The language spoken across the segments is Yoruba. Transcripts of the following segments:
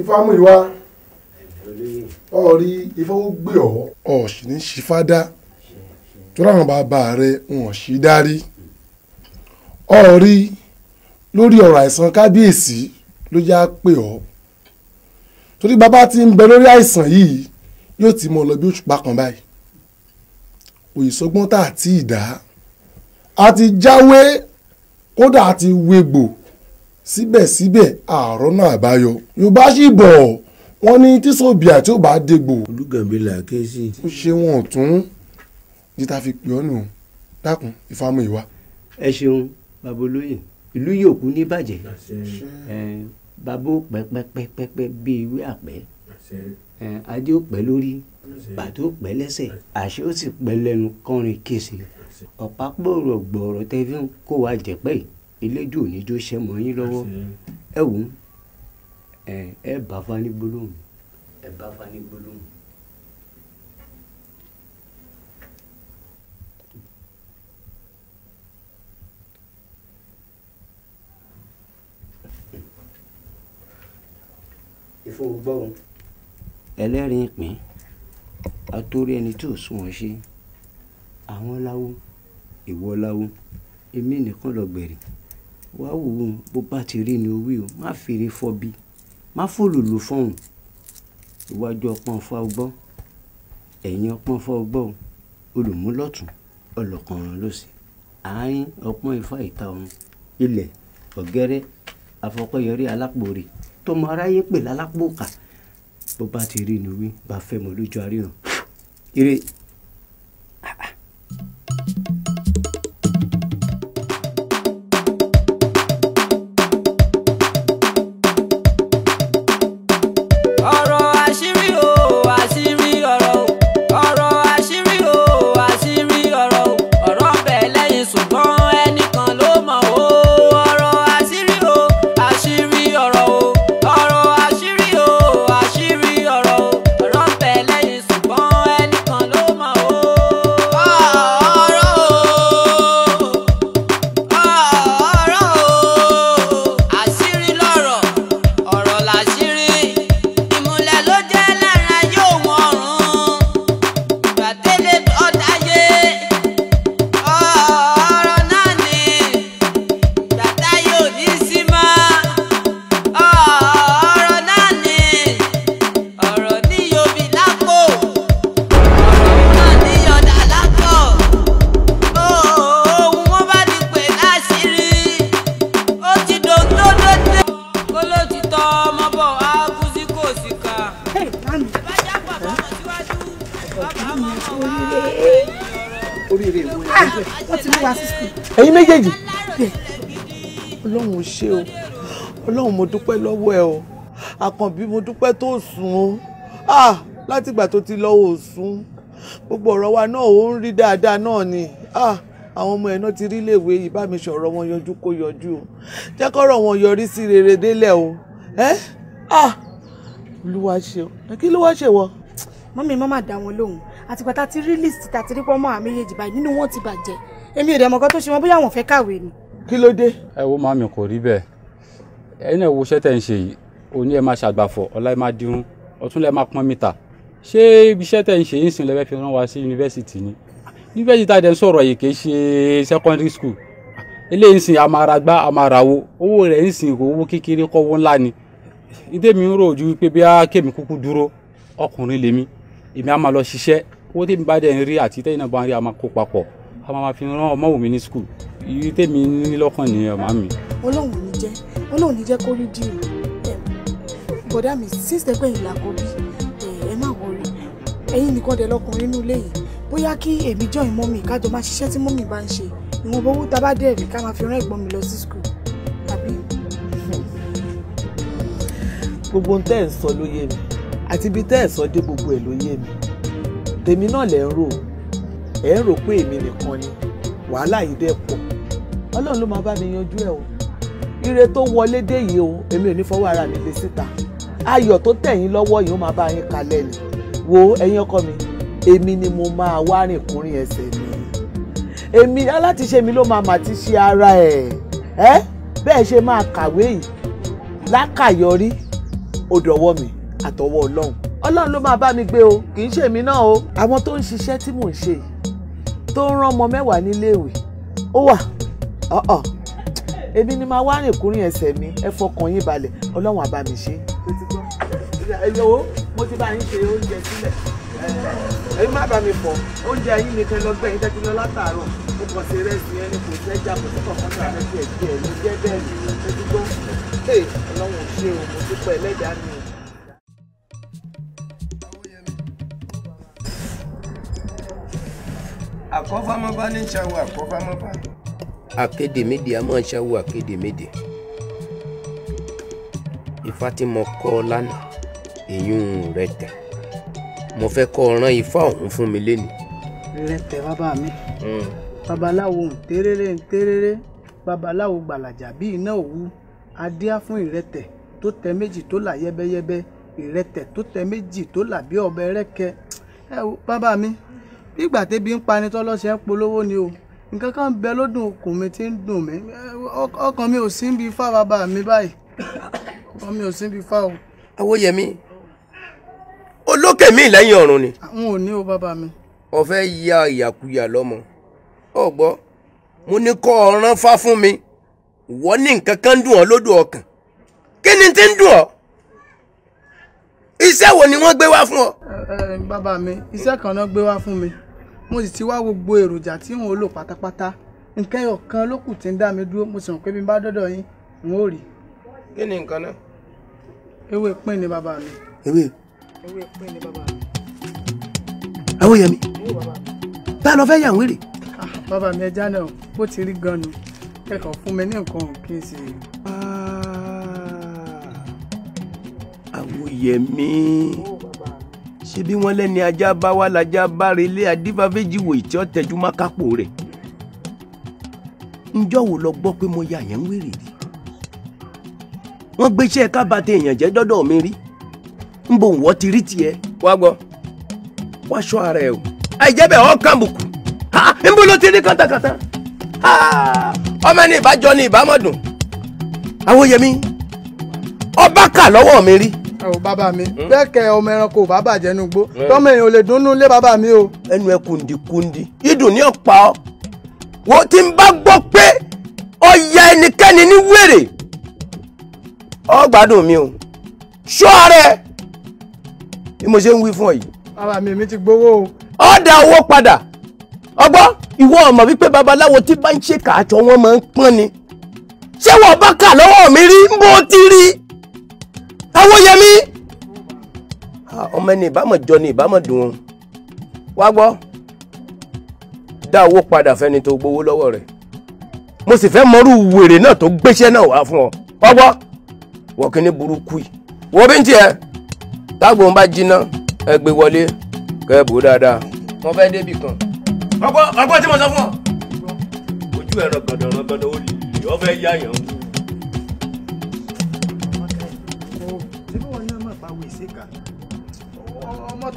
ìfàmùyíwá ọ̀rí ìfọwọ́gbé ọ̀ ọ̀sìn ní ṣífádá tó ráwọn bàbá rẹ wọn sì dárí ọ̀rí lórí ọ̀rọ̀ àìsàn kábíyèsí ló yá pé ọ́ torí bàbá ti ń bẹ lórí àìsàn yìí yóò ti mọ lọ bí òṣùpá kan báyìí òye sọgbọ́n tá àti ìdá àti jáwé kódà àti wégbò síbẹ̀síbẹ̀ àrọ́nà àbáyọ yorùbá sì bọ̀ wọ́n ní tíṣòbí àti òbá dégbò. olùgànbílà kéésì. ó ṣe wọn ọ̀tún níta fi pè ọ́ nù dákun ìfàmù ìwà. ẹ ṣeun babolóye ìlú yóò kú ní bàjẹ́ bàbá ó pẹ́ pẹ́pẹ́pẹ́ bí ewé àpẹ́ adé ó pẹ́ lórí bàtó ó pẹ́ lẹ́sẹ̀ àṣẹ ó sì pẹ́ lẹ́nu kọrin kése ọ̀pá pòrò gbọ̀ọ̀rọ̀ tẹ́fín kó wa jẹ̀pẹ́ yìí elédè onídó ṣẹ́ mọ́ yín lọ́wọ́ ẹ wò ó ẹ bá fa ní gbólóhùn ẹ bá fa ní gbólóhùn. ìfowópamọ́. ẹlẹ́rìí ìpín àtòrí ẹni tí ò sunwọ̀n ṣe àwọn láwo ìwọ láwo èmi nìkan lọ gbèrè wá wò ó bó bá ti rí ni owó o má fèrè fọbi má fòlòlò fọhùn iwájú ọpọ́n fa ọgbọ́n ẹ̀yìn ọpọ́n fa ọgbọ́n olùmúlọ́tún ọlọ́kànràn lọ́sì àárín ọpọ́n ifá ìta ọ̀run ilẹ̀ ọ̀gẹ́rẹ́ afọkọ́yọrí alápòrè tọmọ aráyé pè lálápòkà bó bá ti rí ni wí bá fẹ́ mọ lójú àríyàn ire. Ah, ah. ṣe o ọlọ́run mo dúpẹ́ lọ́wọ́ ẹ o àkànbí mo dúpẹ́ tó sùn o ah látìgbà tó ti lọ́wọ́ òsùn gbogbo ọ̀rọ̀ wa náà ò ń rí dáadáa náà ni ah, àwọn ọmọ ẹ̀ náà ti rí iléèwé yìí bá mi sọ̀rọ̀ wọn yọjú kó yọjú o jẹ́ kọ́rọ̀ wọn yọrí sí rere délẹ̀ o ẹ́ ah, olúwa ṣe o kí ló wá ṣe wọ. mọ́mí mọ́ máa dá wọn lóhùn àtìgbà tá a ti rí list tá a ti rí pọ́nmọ́ àmì yéèjì báyìí nínú wọn ti bàjẹ́ èmi ò dẹ̀ mọ̀gán tó ṣe wọn bóyá àwọn fẹ́ kàwé ni kí ló dé. ẹ wo màmí kò rí bẹ́ẹ̀ ẹni ẹ wo iṣẹ́ tẹ̀ ń ṣe yìí òní ẹ máa ṣàgbàfọ̀ ọ̀la ẹ máa dirun ọ̀tún lẹ máa pọ́n mítà ṣé ibi iṣẹ́ tẹ̀ ń ṣe yìí sìn lẹ́fẹ̀ẹ́ fi rán wa sí yunifásitì ni yunifásitì tá a dẹ̀ ń sọ̀rọ̀ yìí kì í ṣe secondary school eléyìí sìn amaragbá amarawo owó rẹ̀ ń sìn owó kékeré kọ́wó ńlá ni ìdè mi ń rò ojú pé bí a kémi kúkú dúró ọkùnrin lèmi èmi á máa lọ ṣiṣẹ́ owó tèmi bá dẹ̀ ń rí àti tẹ́yìn náà bá ń rí a máa kó papọ̀ ọmọ máa fi rán ọmọ wùmí ní skul ìrírí tèmi ní lọ́kàn ní ọmọ mi. ọlọ́run ní jẹ́ ọlọ́run ní jẹ́ kó rí dì í bọ̀dá mi sísè pé ìlà kò bí ẹ má wọrí ẹ̀yin nìkan dẹ̀ lọkùnrin inú ilé yìí bóyá kí èmi jọ ìmọ̀ mi kájọ máa ṣiṣẹ́ tí mọ́mì bá ń ṣe ìwọ̀n bówó tá a bá dẹ̀ rí ká máa fi rán ẹ̀gbọ́n mi lọ sí skul tàbí. gbogbo ohun tẹ́ ẹ̀ ń sọ ló mi àti ibi tẹ́ ẹ̀ sọ dé gbogbo ẹ̀ ló mi tèmi náà lẹ́ ń rò ẹ̀ ń rò pé èmi nìkan ni wàhálà yìí dẹ̀ pọ̀ ọlọ́run ló máa bá mi yanjú ẹ̀ o ire tó wọlé dé yìí o èmi ò ní fọwọ́ ara mi lé síta ayọ̀ tó tẹ̀yìn lọ́wọ́ yìí ó máa bá yín kalẹ̀ ni wo ẹ̀yin ọkọ mi èmi ni mo máa wá rìn kúrin ẹsẹ̀ mi èmi alátiṣe mi ló máa mà ti ṣe ara ẹ̀ ẹ́ bẹ́ẹ̀ ṣe máa kàwé yìí lákàyọrí ó mi àtọwọ́ ọlọ́run ọlọ́run ló máa bá mi gbé o kì í ṣe èmi náà o àwọn tó ń ṣiṣẹ́ tí mò ń ṣe tó ń rán ọmọ mẹ́wàá níléèwé ó wà ọ̀ọ̀ èmi ni máa wá rìn kúrin ẹsẹ̀ mi ẹ fọkàn yín balẹ̀ ọlọ́run á mi ṣe. ẹ̀yọ́wó mo ti bá yín ṣe oúnjẹ sílẹ̀ èyí má bá mi fọ̀ oúnjẹ yín nìkan lọ́gbẹ́ yín tẹ́tí lọ látàárọ̀ mo kàn sí rẹ́sì yẹn ni kò sí ẹja kò sí kọ̀ọ̀kan tó àrẹ́sì ẹ̀ díẹ̀ ló jẹ́ bẹ́ẹ̀ ni mo ti gbọ́ ọlọ́run ṣe o mo ti pẹ́ ẹlẹ́dàá mi o. àkọ́fámọ́fá ní ṣàwọ̀ àkọ́fámọ́fá. akéde méde a máa ṣàwọ̀ akéde méde ifá tí mo kọ́ lánàá èyún rẹ tẹ̀ mo fẹ́ kọ́ ọ̀ràn ifá ọ̀hún fún mi lẹ́nu. rẹ tẹ bàbá mi hmm. babaláwo ntẹrẹrẹ ntẹrẹrẹ babaláwo gbàlàjà bí iná òwú adíá fún ìrẹtẹ̀ tó tẹ méjì tó là yẹbẹyẹbẹ ìrẹtẹ̀ tó tẹ méjì tó là bí ọbẹ̀ rẹkẹ ẹ wo bàbá mi bí ìgbà tẹ́bi ń pani tọ́lọ́sẹ̀ ń polówó ni o nǹkan kan bẹ lódùn okùn mi ti ń dùn mí ọkàn mi ò sí ń bi fá bàbá mi báyìí ọkàn mi ò sí ń bi fá o. awóyẹmí olókè mi lẹ́yìn ọ̀run ni. àwọn ò ní o bàbá mi. ọ̀fẹ́ ya ìyàkuyà lọ́mọ ọ̀gbọ́ mo ní kọ́ ọ̀ràn fá fún mi wọ́n ní nǹkan kan dùn ọ́ lódùn ọkàn kí ni ti ń dùn ọ́ iṣẹ́ wo ni wọ́n gbé wá fún ọ Eh, bàbá mi iṣẹ́ kan náà gbé wá fún mi mo sì ti wá gbogbo èròjà tí n ò lò pátápátá nǹkan ọ̀kan ló kù tí ń dá mi dúró mo sì rò pé bí n bá dọ́dọ̀ yín n ó rí. kí ni nǹkan náà. ewé pín ni bàbá mi. ewé. ewé pín ni bàbá mi. àwọn èèyàn mi. bá a lọ fẹ́ yàn wèrè. bàbá mi ẹja ah, náà bó ti rí gan ni kẹ́kọ̀ọ́ fún mi ní nǹkan kí n sì. Ah. àwọn èèyàn mi. Oh, ṣebí wọn lẹ́ni ajá bá wá lajá bá relé adífáféjì wò tí ó tẹjú wo lọ pé mo ya yẹn ń wèrè rí wọ́n gbéṣẹ́ kábàtà èèyàn jẹ́ dọ́dọ̀ mi rí ti rí tiẹ̀ wá ara ẹ̀ o àìjẹ́bẹ̀ ọ́ kàǹbùkù ń bò ló ti rí kàtàkàtà ọmọ ẹni ni ìbámọ̀dùn àwọn yẹmi ọba kà mi rí. ọ bàbá mi hmm? bẹ́ẹ̀ kẹ ọmọ ẹranko ò bá bàjẹ́ nugbó hmm? tọ́mọ èèyàn ò lè dunnú lé bàbá mi o. ẹnu ẹ kùndìkùndì ìdùn ní ọ̀pá ọ wo ti ń bá gbọ́ pé ọ̀yà ẹnikẹ́ni ní wèrè ọ gbádùn mi o ṣọ́ rẹ bí mo ṣe ń wí fún ọ yìí. bàbá mi mi ti gbowó o. ọ̀dà owó padà ọgbọ́ ìwọ ọmọ wípé babaláwo tí bá ń ṣe kààtọ̀ wọn máa ń pọ́n ni ṣé wọn bá kà lọ́wọ́ mi rí bó ti rí awóyẹmí ọmọ ẹni ìbámu jọ ni ìbámu dùn ún wá gbọ́ dá owó padà fẹ́ni tó gbowó lọ́wọ́ rẹ̀ mo sì fẹ́ mọ́rú wèrè náà tó gbéṣẹ́ náà wá fún ọ wá gbọ́ wọ́n kí ni burúkú yìí wọ́n bí ń tiẹ̀ tágbò ń bá jiná ẹ gbé wọlé kẹ́ ẹ bò dáadáa wọ́n fẹ́ débì kan ọgbọ́n ọgbọ́n tí mo sọ fún ọ ojú ẹ̀rọ gàdọ̀rọ̀ gàdọ̀ ó lè ọ fẹ́ yáyàn.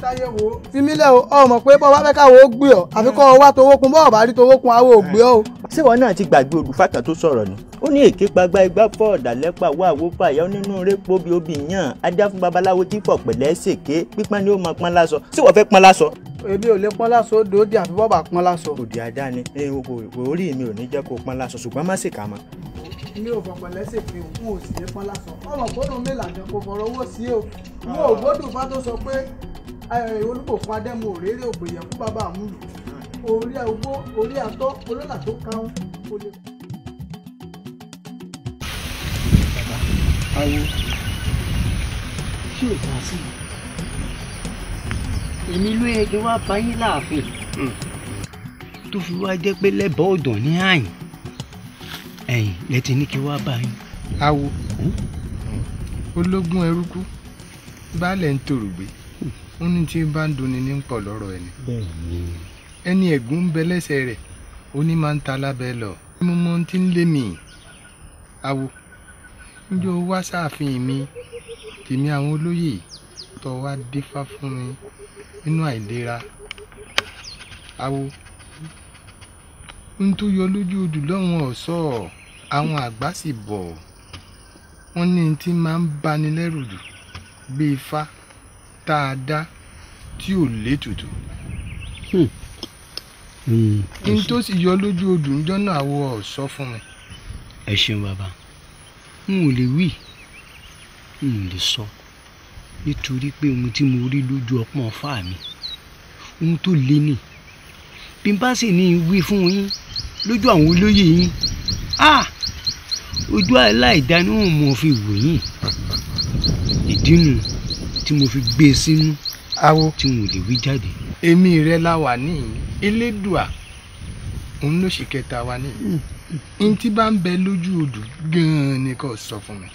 ṣàyẹ̀wò. fimilẹ o ọ mọ̀ pé bọ́ bá fẹ́ káwọ́ ó gbé ọ àfi kọ́ ọ wá towó kun bọ́ọ̀ bá rí towó kun àwọn ò gbé ọ. síwọ náà ti gbàgbé olùfàkàn tó sọ̀rọ̀ ni ó ní èké pagbá igbá fọ́ ọ̀dàlẹ́pà wá àwò fàyà onínú rẹ́pọ̀ bí obì yàn ajá fún babaláwo tí fọ̀ pẹ̀lẹ́ ṣèké pípọ́n ni ó máa pọ́n láṣọ síwọ fẹ́ pọ́n láṣọ. èmi ò lè pọ́n láṣọ odò òdì àfi bọ́ọ̀ bá pọ́n láṣọ. òdì ajá ni orí mi ò ní jẹ́ kó pọ́n láṣọ ṣùgbọ́n má ṣèkà mọ́ mi ò bọ̀pọ̀ lẹ́sẹ̀ pé òkú ò sì lé pọ́n lásán ọmọ gbọ́dọ̀ mi làjọ kò fọ̀rọ̀ owó sí o wọn ò gbọ́dọ̀ bá tó sọ pé olùkòkò adẹ́mu òréré ògbèyẹ fún bàbá àmúlò orí owó orí atọ́ olólà tó káwọn kó lè. awo ṣé ìgbà sí èmi ló yẹ kí wàá bá yín láàfin hmm. tó fi wá jẹ́ pé lẹ́bọ̀ọ́ ọ̀dọ̀ ní àyìn ẹ̀yin lẹ ti ní kí wá bá yín. awo hm? ológun ẹrúkú baálẹ̀ ń tòrò gbé wọn hm. ní tí bá ń dunni ní pọ̀ lọ́rọ̀ ẹni ẹni ẹ̀gún ń bẹ lẹ́sẹ̀ rẹ̀ oní máa ń ta lábẹ́ lọ mo mọ ohun tí ń lé mi awo o wá sáàfin mi tèmi àwọn olóyè tó wá dífá fún mi nínú àìlera awo ohun tó yọ lójú odù lọ́wọ́n ọ̀sọ́ àwọn àgbà sì bọ̀ wọ́n ní tí máa ń bani lẹ́rù jù bí ifá tá a dá tí ò létùtù. ohun hmm. hmm. tó sì yọ lójú odù ń jọ́nà àwọ̀ ọ̀sọ́ fún mi. ẹ ṣeun bàbá n ò lè wí n ò lè sọ nítorí pé ohun tí mo rí lójú ọpọ́n ọ̀fà mi ohun tó lé ní bí n bá sì ní wí fún yín lójú àwọn olóyè yín ah! ojú aláìdáni wọn mo fi wò yín ìdínú tí mo fi gbé e sínú awo tí mo lè wí jáde. èmi rẹ la wà ní elédùà òun ló ṣe kẹta wa ní hmm. n tí bá ń bẹ lójú odò gan-an ni kò sọ fún mi.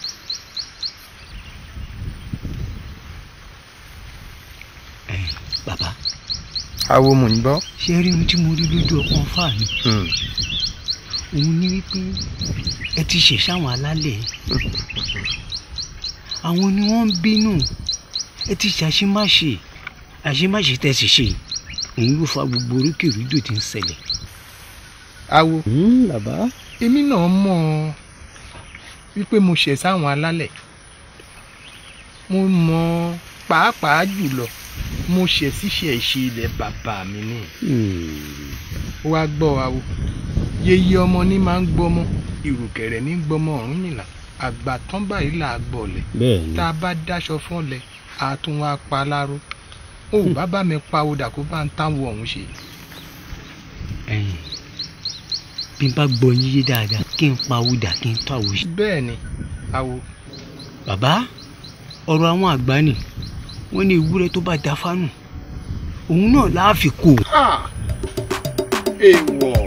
bàbá awo mò ń gbọ́. ṣé rí ohun tí mo rí lójú ọkàn fáàmì hmm. òun ni wípé ẹ ti ṣẹ̀ sáwọn alálẹ̀ àwọn ni wọ́n ń bínú ẹ ti ṣàṣemáṣe àṣemáṣe tẹ́ sì ṣe òun ló fa gbogbo oríkèrídò tí ń ṣẹlẹ̀. awo. Hmm, bàbá èmi náà mọ̀ wípé mo ṣẹ̀ sáwọn alálẹ̀ mo mọ̀ pàápàá jùlọ mo ṣẹ̀ síṣẹ́ ìṣe ilẹ̀ bàbá mi ni. Hmm. wá gbọ́ awo yeye ọmọ ní máa ń gbọ́mọ ìrùkẹ̀rẹ̀ ní gbọ́mọ ọ̀run nìlà àgbà tán báyìí là á gbọ̀lẹ̀ tá a bá dáṣọ fún ọ̀lẹ̀ a tún wá pa láró o hmm. bàbá mi pa odà kó bá ń táwọn ọ̀hún ṣe. ẹyin bí n bá gbọ́ yín dáadáa kí n pa odà kí n tó àwòṣe. bẹ́ẹ̀ awo. bàbá ọ̀rọ̀ àwọn àgbà ni wọ́n ní ewúrẹ́ tó bá da fánù òun náà láàfikò. Ah, èèwọ̀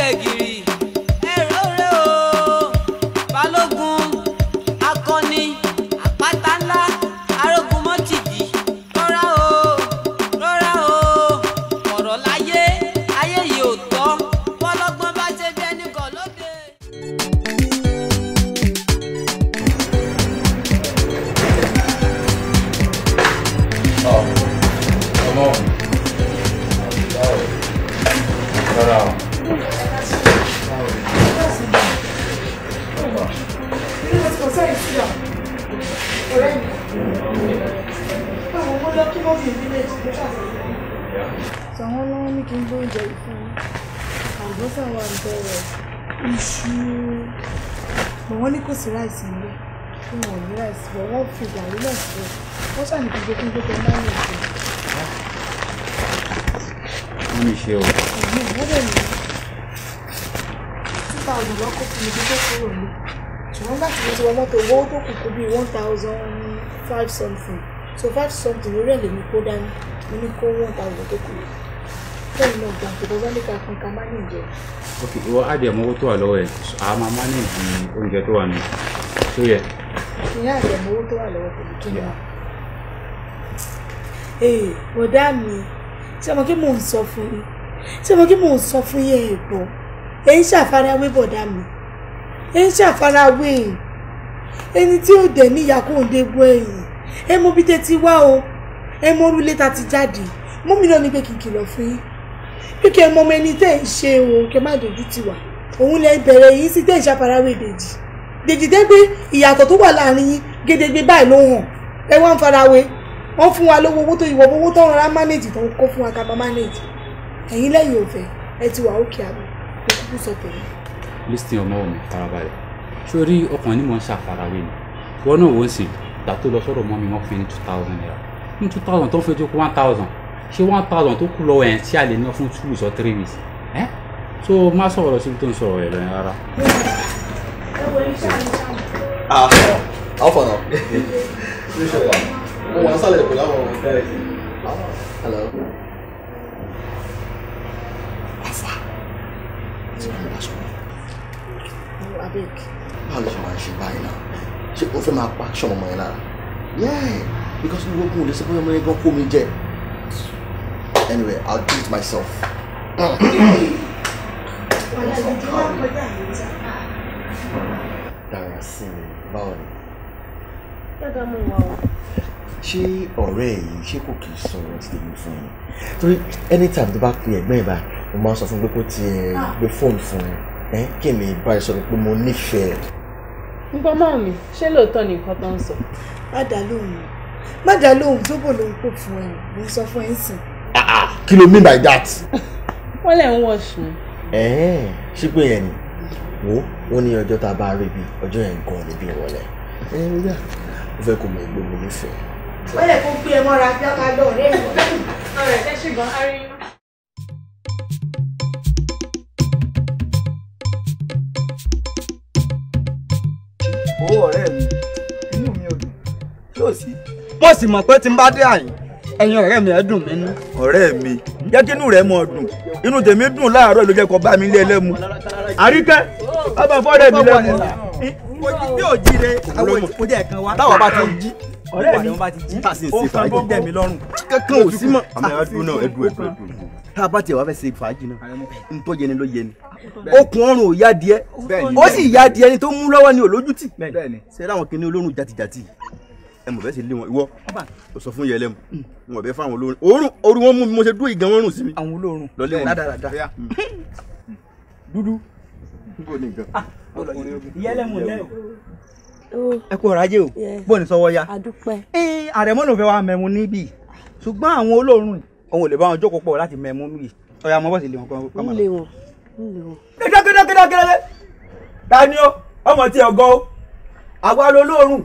beg but owó tó kù kú bíi one thousand five something so five something lórí ẹ̀ lèmi kó dání mo ní kó one thousand tó kù fẹ́ẹ̀ náà gbà pé bọ́sán lè ka kan ká má nìjẹ. ok ìwọ á jẹ mọ́wó tó wà lọ́wọ́ ẹ̀ a máa má nìjì oúnjẹ tó wà ní tó yẹ. ìyá àjẹ mọ́wó tó wà lọ́wọ́ pẹ̀lú kí ni. ee bọ̀dá mi ṣé ọmọ kí mò ń sọ fún yín ṣé ọmọ kí mò ń sọ fún yín ẹ̀ gbọ́ ẹ̀ ń ṣàfarawé bọ̀dá mi ẹ̀ ṣàfarawé yìí ẹni tí ò dẹ̀ níyà kó ń dégbò ẹ̀yìn ẹ mọ bí tẹ ti wá o ẹ mọ orúlé ta ti jáde mú mi náà ní pé kí n kìlọ̀ fún yín pé kí ẹ mọ ọmọ ẹni tẹ́ ẹ̀ ń ṣe o kẹ́ má dojú ti wà òun lẹ bẹ̀rẹ̀ yìí sí tẹ́ ẹ̀ ṣàfarawé dèjì dèjì dé pé ìyàtọ̀ tó wà láàrin yín gédégbé báyìí ló hàn ẹ wá ń farawé wọ́n fún wa lówó owó tó ìwọ̀ owó tó ń ra manage tó ń kó fún wa kaba manage ẹ̀yin lẹ́yìn òfẹ́ ẹ ti wà ókè àbọ̀ ẹ kúkú sọ tẹ̀lé. lis ten ọmọ mi farabalẹ̀ sórí ọkàn ni mo ń ṣàfarawé ni wọn náà wọ́n sì gbà tó lọ sọ́dọ̀ mọ́ mi wọ́n fún mi ní two thousand naira ní two thousand tó ń fẹ́ tó kó one thousand ṣé one thousand tó kú lọ́wọ́ yẹn tí a lè ná fún two weeks or three weeks ẹ́ so má sọ̀rọ̀ lọ síbi tó ń sọ̀rọ̀ ẹ̀ lọ́yìn rárá. ah how far mo wà sálẹ̀ pẹ̀lú àwọn ọmọ ìfẹ́ rẹ̀ hello. afa ti ma n ba sọ̀rọ̀ báwo ló ṣe máa ń ṣe báyìí náà ṣé o fẹ́ máa pa action ọmọ yeah because mi gbógun lè ṣe bóyá ọmọ yẹn gan kó mi anyway I'll do it myself. dára sí mi báwo ni. gbẹ́gbẹ́ mú wa o. ṣé ọ̀rẹ́ yìí ṣé kò kì í sọ̀rọ̀ ti tèmi fún yín torí anytime tó bá pe ẹ̀gbọ́n ẹ̀ báyìí mo máa ń sọ fún pé kó tiẹ̀ gbé fóònù fún ẹ kí èmi bá sọ̀rọ̀ pé mo nífẹ̀ẹ́ gbọ́ mọ́ mi ṣé lóòótọ́ ni nǹkan tó ń sọ. má dá lóhùn má dá lóhùn tó bò ló ń kó fún ẹ ló ń sọ fún ẹ sìn. Ah, ah, kí ló mean by that. wọ́n lẹ̀ ń wọ̀ṣù. ṣé pé yẹn ni wo wọn ní ọjọ́ tá a bá rí bi ọjọ́ yẹn gan níbi ìrọ̀lẹ́ ẹ ó yà ó fẹ́ kó mọ ìgbóni nífẹ̀ẹ́. wọ́n lè kó gbé ẹ mọ́ra bí ọmọ àlọ́ ọ̀rẹ́ ìwọ̀n ọ̀rẹ́ ẹ ṣe gan-an ó ọ̀rẹ́ mi inú mi ò dùn yóò sí. mo sì mọ̀ pé tí n bá dé àyìn ẹ̀yin ọ̀rẹ́ mi ẹ̀ dùn mí ọ̀rẹ́ mi jẹ́ kí inú rẹ̀ mọ̀ dùn inú tèmi dùn láàárọ̀ mi lé ẹlẹ́mu. àríkẹ́ fọ́ọ̀rẹ́ mi lẹ́mu. tá a bá tiẹ̀ wá fẹ́ ṣe fàájì náà ntọ́ yẹni ló yẹni ah, okùn ọrùn ò yá díẹ̀ ó sì yá díẹ̀ ni tó mú lọ́wọ́ ni òlójútì sẹ́rẹ́ àwọn kìnìún olórùn jàtìjàtì ẹ mọ̀ bẹ́ẹ̀ sì lé wọn ìwọ o sọ fún yẹlẹ mu wọn bẹ fáwọn olórùn òórùn orí wọn mú mi mo ṣe dúró ìgàn wọn rùn sí mi. àwọn olórùn lọlé wọn dáadáa hmm. dúdú. yẹlẹ mu lẹ ẹ kú ọ̀rọ̀ ajé o bóyá ní sọ wọ́ ya àdúpẹ́ eh, àrẹ̀mọ́ ló fẹ́ wá mẹ́mu níbí ṣùgbọ́n àwọn olórùn òun ò lè bá wọn jókòó pọ̀ láti mẹ́mú mi ọ̀yà ọmọ bọ́ọ̀sì lè wọn kọ́ máa lọ. ń lè wọn ń lè wọn. kíkẹ́kẹ́kẹ́kẹ́kẹ́ ta ni ó ọmọ tí ọgọ́ ó àwa ló lóorùn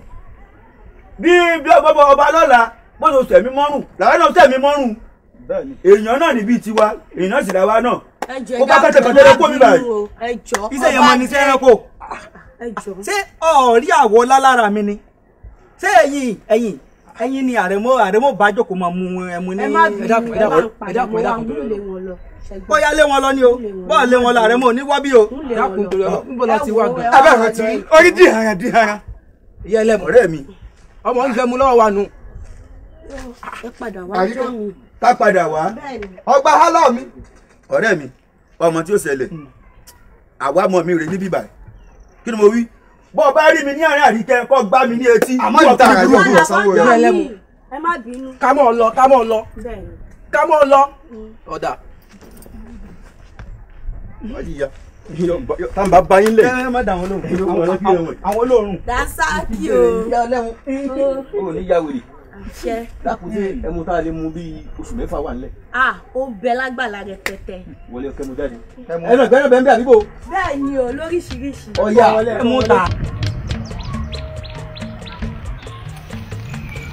bí ọgbọ́n ọba lọ́la bó ṣe sẹ̀mí mọ́rùn làwọn náà sẹ̀mí mọ́rùn èèyàn náà níbi tiwa èèyàn sì làwa náà ó bá kẹ́tẹ̀ kọ́tẹ́ lọ́pọ̀ mi báyìí iṣẹ́ yẹn máa ní iṣẹ́ ẹranko ṣé ọ̀ọ́rí àwọ̀ lálára mi ni ṣé ẹ̀yìn ẹ̀yìn ẹ̀yin ni àrẹ̀mọ àrẹ̀mọ bá jókòó máa mú ẹmu ní ẹ̀dàkùn ẹ̀dàkùn ẹ̀dàkùn ẹ̀dàkùn bóyá lé wọn lọ ni o bóyá lé wọn lọ àrẹ̀mọ ní wọ́bí o ẹ̀dàkùn níbo la ti wá gan. abẹ́ ọ̀rọ̀ ti orí di ara di ara. ìyá ẹlẹ́mọ̀ rẹ̀ mi ọmọ ń fẹ́ mu lọ́wọ́ wa nu. ká padà wá ọgbà hálà mi ọ̀rẹ́ mi ọmọ tí ó ṣẹlẹ̀ hmm. àwa mọ̀ mi rè níbí báyìí kí ni mo wí bọ́ ọ bá rí mi ní àárín àríkẹ́ kọ́ gbá mi ní etí. àmọ́ ìta rẹ̀ yóò dúró sanwó rẹ̀. ẹ má bínú. ká mọ̀ lọ ká mọ̀ lọ ká mọ̀ lọ. Mm. ọ̀dà. wọ́n yìí ya tàǹbà bá yín lẹ̀. ẹ má dà lóhùn àwọn olóòórùn. dàsáàkì o. ìyá ọlẹ́wọ̀n ò mm. ní yá iṣẹ́. dákúté ẹmu tá a lè mu bíi oṣù mẹ́fà wà nílẹ̀. a ó bẹ lágbàlá rẹpẹtẹ. wọlé ọkẹ mu jáde. ẹnu ìgbẹ́rẹ́ bẹ́ẹ̀ ń bẹ àdúgbò. bẹ́ẹ̀ ni o lóríṣiríṣi. ọ̀ya ẹmu ta.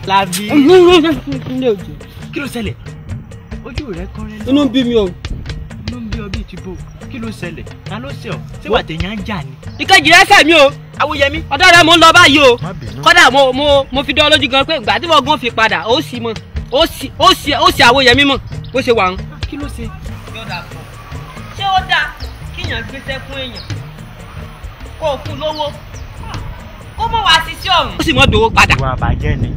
labi. ilé òjò kí ló ṣẹlẹ̀ ojú rẹ kọ́rẹ́. inú ń bí mi o. inú ń bí ọ bíi ti bò kí ló ṣẹlẹ̀ ta ló ṣe ọ ṣé wà tèèyàn ń jà ni. ìkejì rẹ ṣẹ̀ o awuyemi ọ̀dọ̀ rẹ mo ń lọ báyìí o kódà mo mo mo fi dán lójú gan pé ìgbà tí mo gún fi padà ó sì mọ ó sì ó sì ó sì awuyemi mọ bó ṣe wà ń. kí ló ṣe. yọ̀dà pọ̀ ṣé ó dáa kíyàn gbéṣẹ́ fún èèyàn kó o kú lówó kó mọ̀ wá sí sí ọ̀run. ó sì mọ̀ dòwó padà. ìwà àbàjẹ́ ni.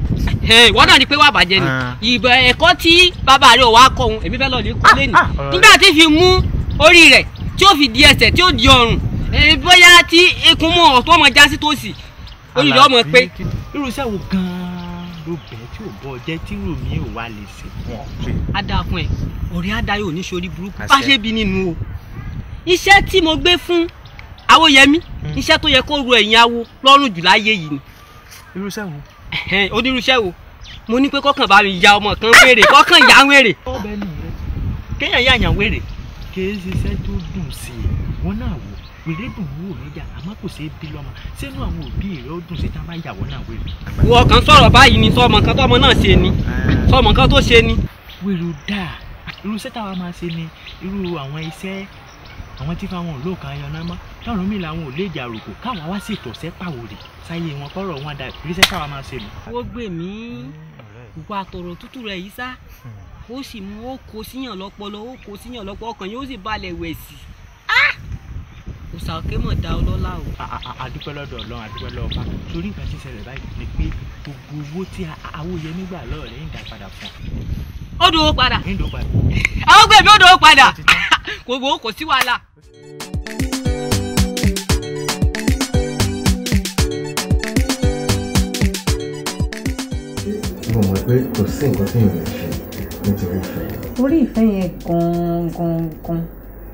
ìwọ náà ni pé wà àbàjẹ́ ni ah. ìbọn ẹ̀kọ́ tí bàbá rẹ̀ wà á kọ́ òun èmi fẹ́ lọ́ọ́ lè kú ah, lé ah, nígbà tí fi mú orí rẹ̀ tí ó fi di ẹsẹ̀ tí ó di ọrùn bóyá tí ekun mọ ọ̀tún ọmọ já sí tòsí olùdó ọmọ pé. irúṣẹ́ wo gan-an ló bẹ̀ẹ́ tí ò bọ́ jẹ́ tí rùmí ò wá lè sè fún ọ. a dáa fún ẹ ọ̀rẹ́ adáyọ̀ ní sori burúkú bá ṣe bí nínú o iṣẹ́ tí mo gbé fún awóyẹmí hmm. iṣẹ́ tó yẹ kó ro ẹ̀yìn awo lọ́rùn jù láyé yìí ni. irúṣẹ́ wo. onírúṣẹ́ wo mo ní pé kọ́kàn bá mi ya ọmọ kan wèrè kọ́kàn yà wèrè. kéèyàn yà yàn wèrè kìí ṣiṣẹ́ tó dùn sí i wọn náà wò wèrè dùn wò lọ́jà àmọ́ kò ṣeé bí lọ́mọ sínú àwọn òbí rẹ̀ ó dùn sí tá a bá yàwó náà wé mi. wọ́n kàn báyìí ni sọ́mọ nǹkan tọ́mọ náà ṣe ni eh. sọ́mọ nǹkan tó ṣe ni. wèrè dáa irú iṣẹ́ táwa máa ṣe ni irú àwọn iṣẹ́ àwọn tí fáwọn olóòkan ayọ̀námọ́ lọ́rùn mi làwọn ò lè jà rògbò káwọn wá ṣètò ọ̀sẹ̀ pàwòrì sáyé wọn kọ́rọ̀ wọn dà irú iṣẹ́ táwa máa ṣe ni. wọ́n gbèmí ìwà àtọ̀rọ̀ tútù rẹ̀ yìí sá hmm ó sì mú ó kó síyàn lọ́pọlọ ó kó síyàn lọ́pọlọ ọkàn yóò sì balẹ̀ wẹ̀sì òsàké mọ̀ dá ọlọ́lá o. àdúpẹ́ lọ́dọ̀ ọlọ́run àdúpẹ́ lọ́ọ̀pá torí ìgbà tí ìṣẹ̀lẹ̀ báyìí ni pé gbogbo owó tí awóyẹmí gbà lọ́ọ̀ lẹ́yìn dá padà fún un. ó dòwó padà àwọn gbẹ̀mí ó dòwó padà kò gbowó kò sí wàhálà. mo mọ̀ pé kò sí nǹkan tí èèyàn lè ṣe nítorí ìfẹ́ yẹn. orí ìfẹ́ yẹn gan-an gan-an gan-an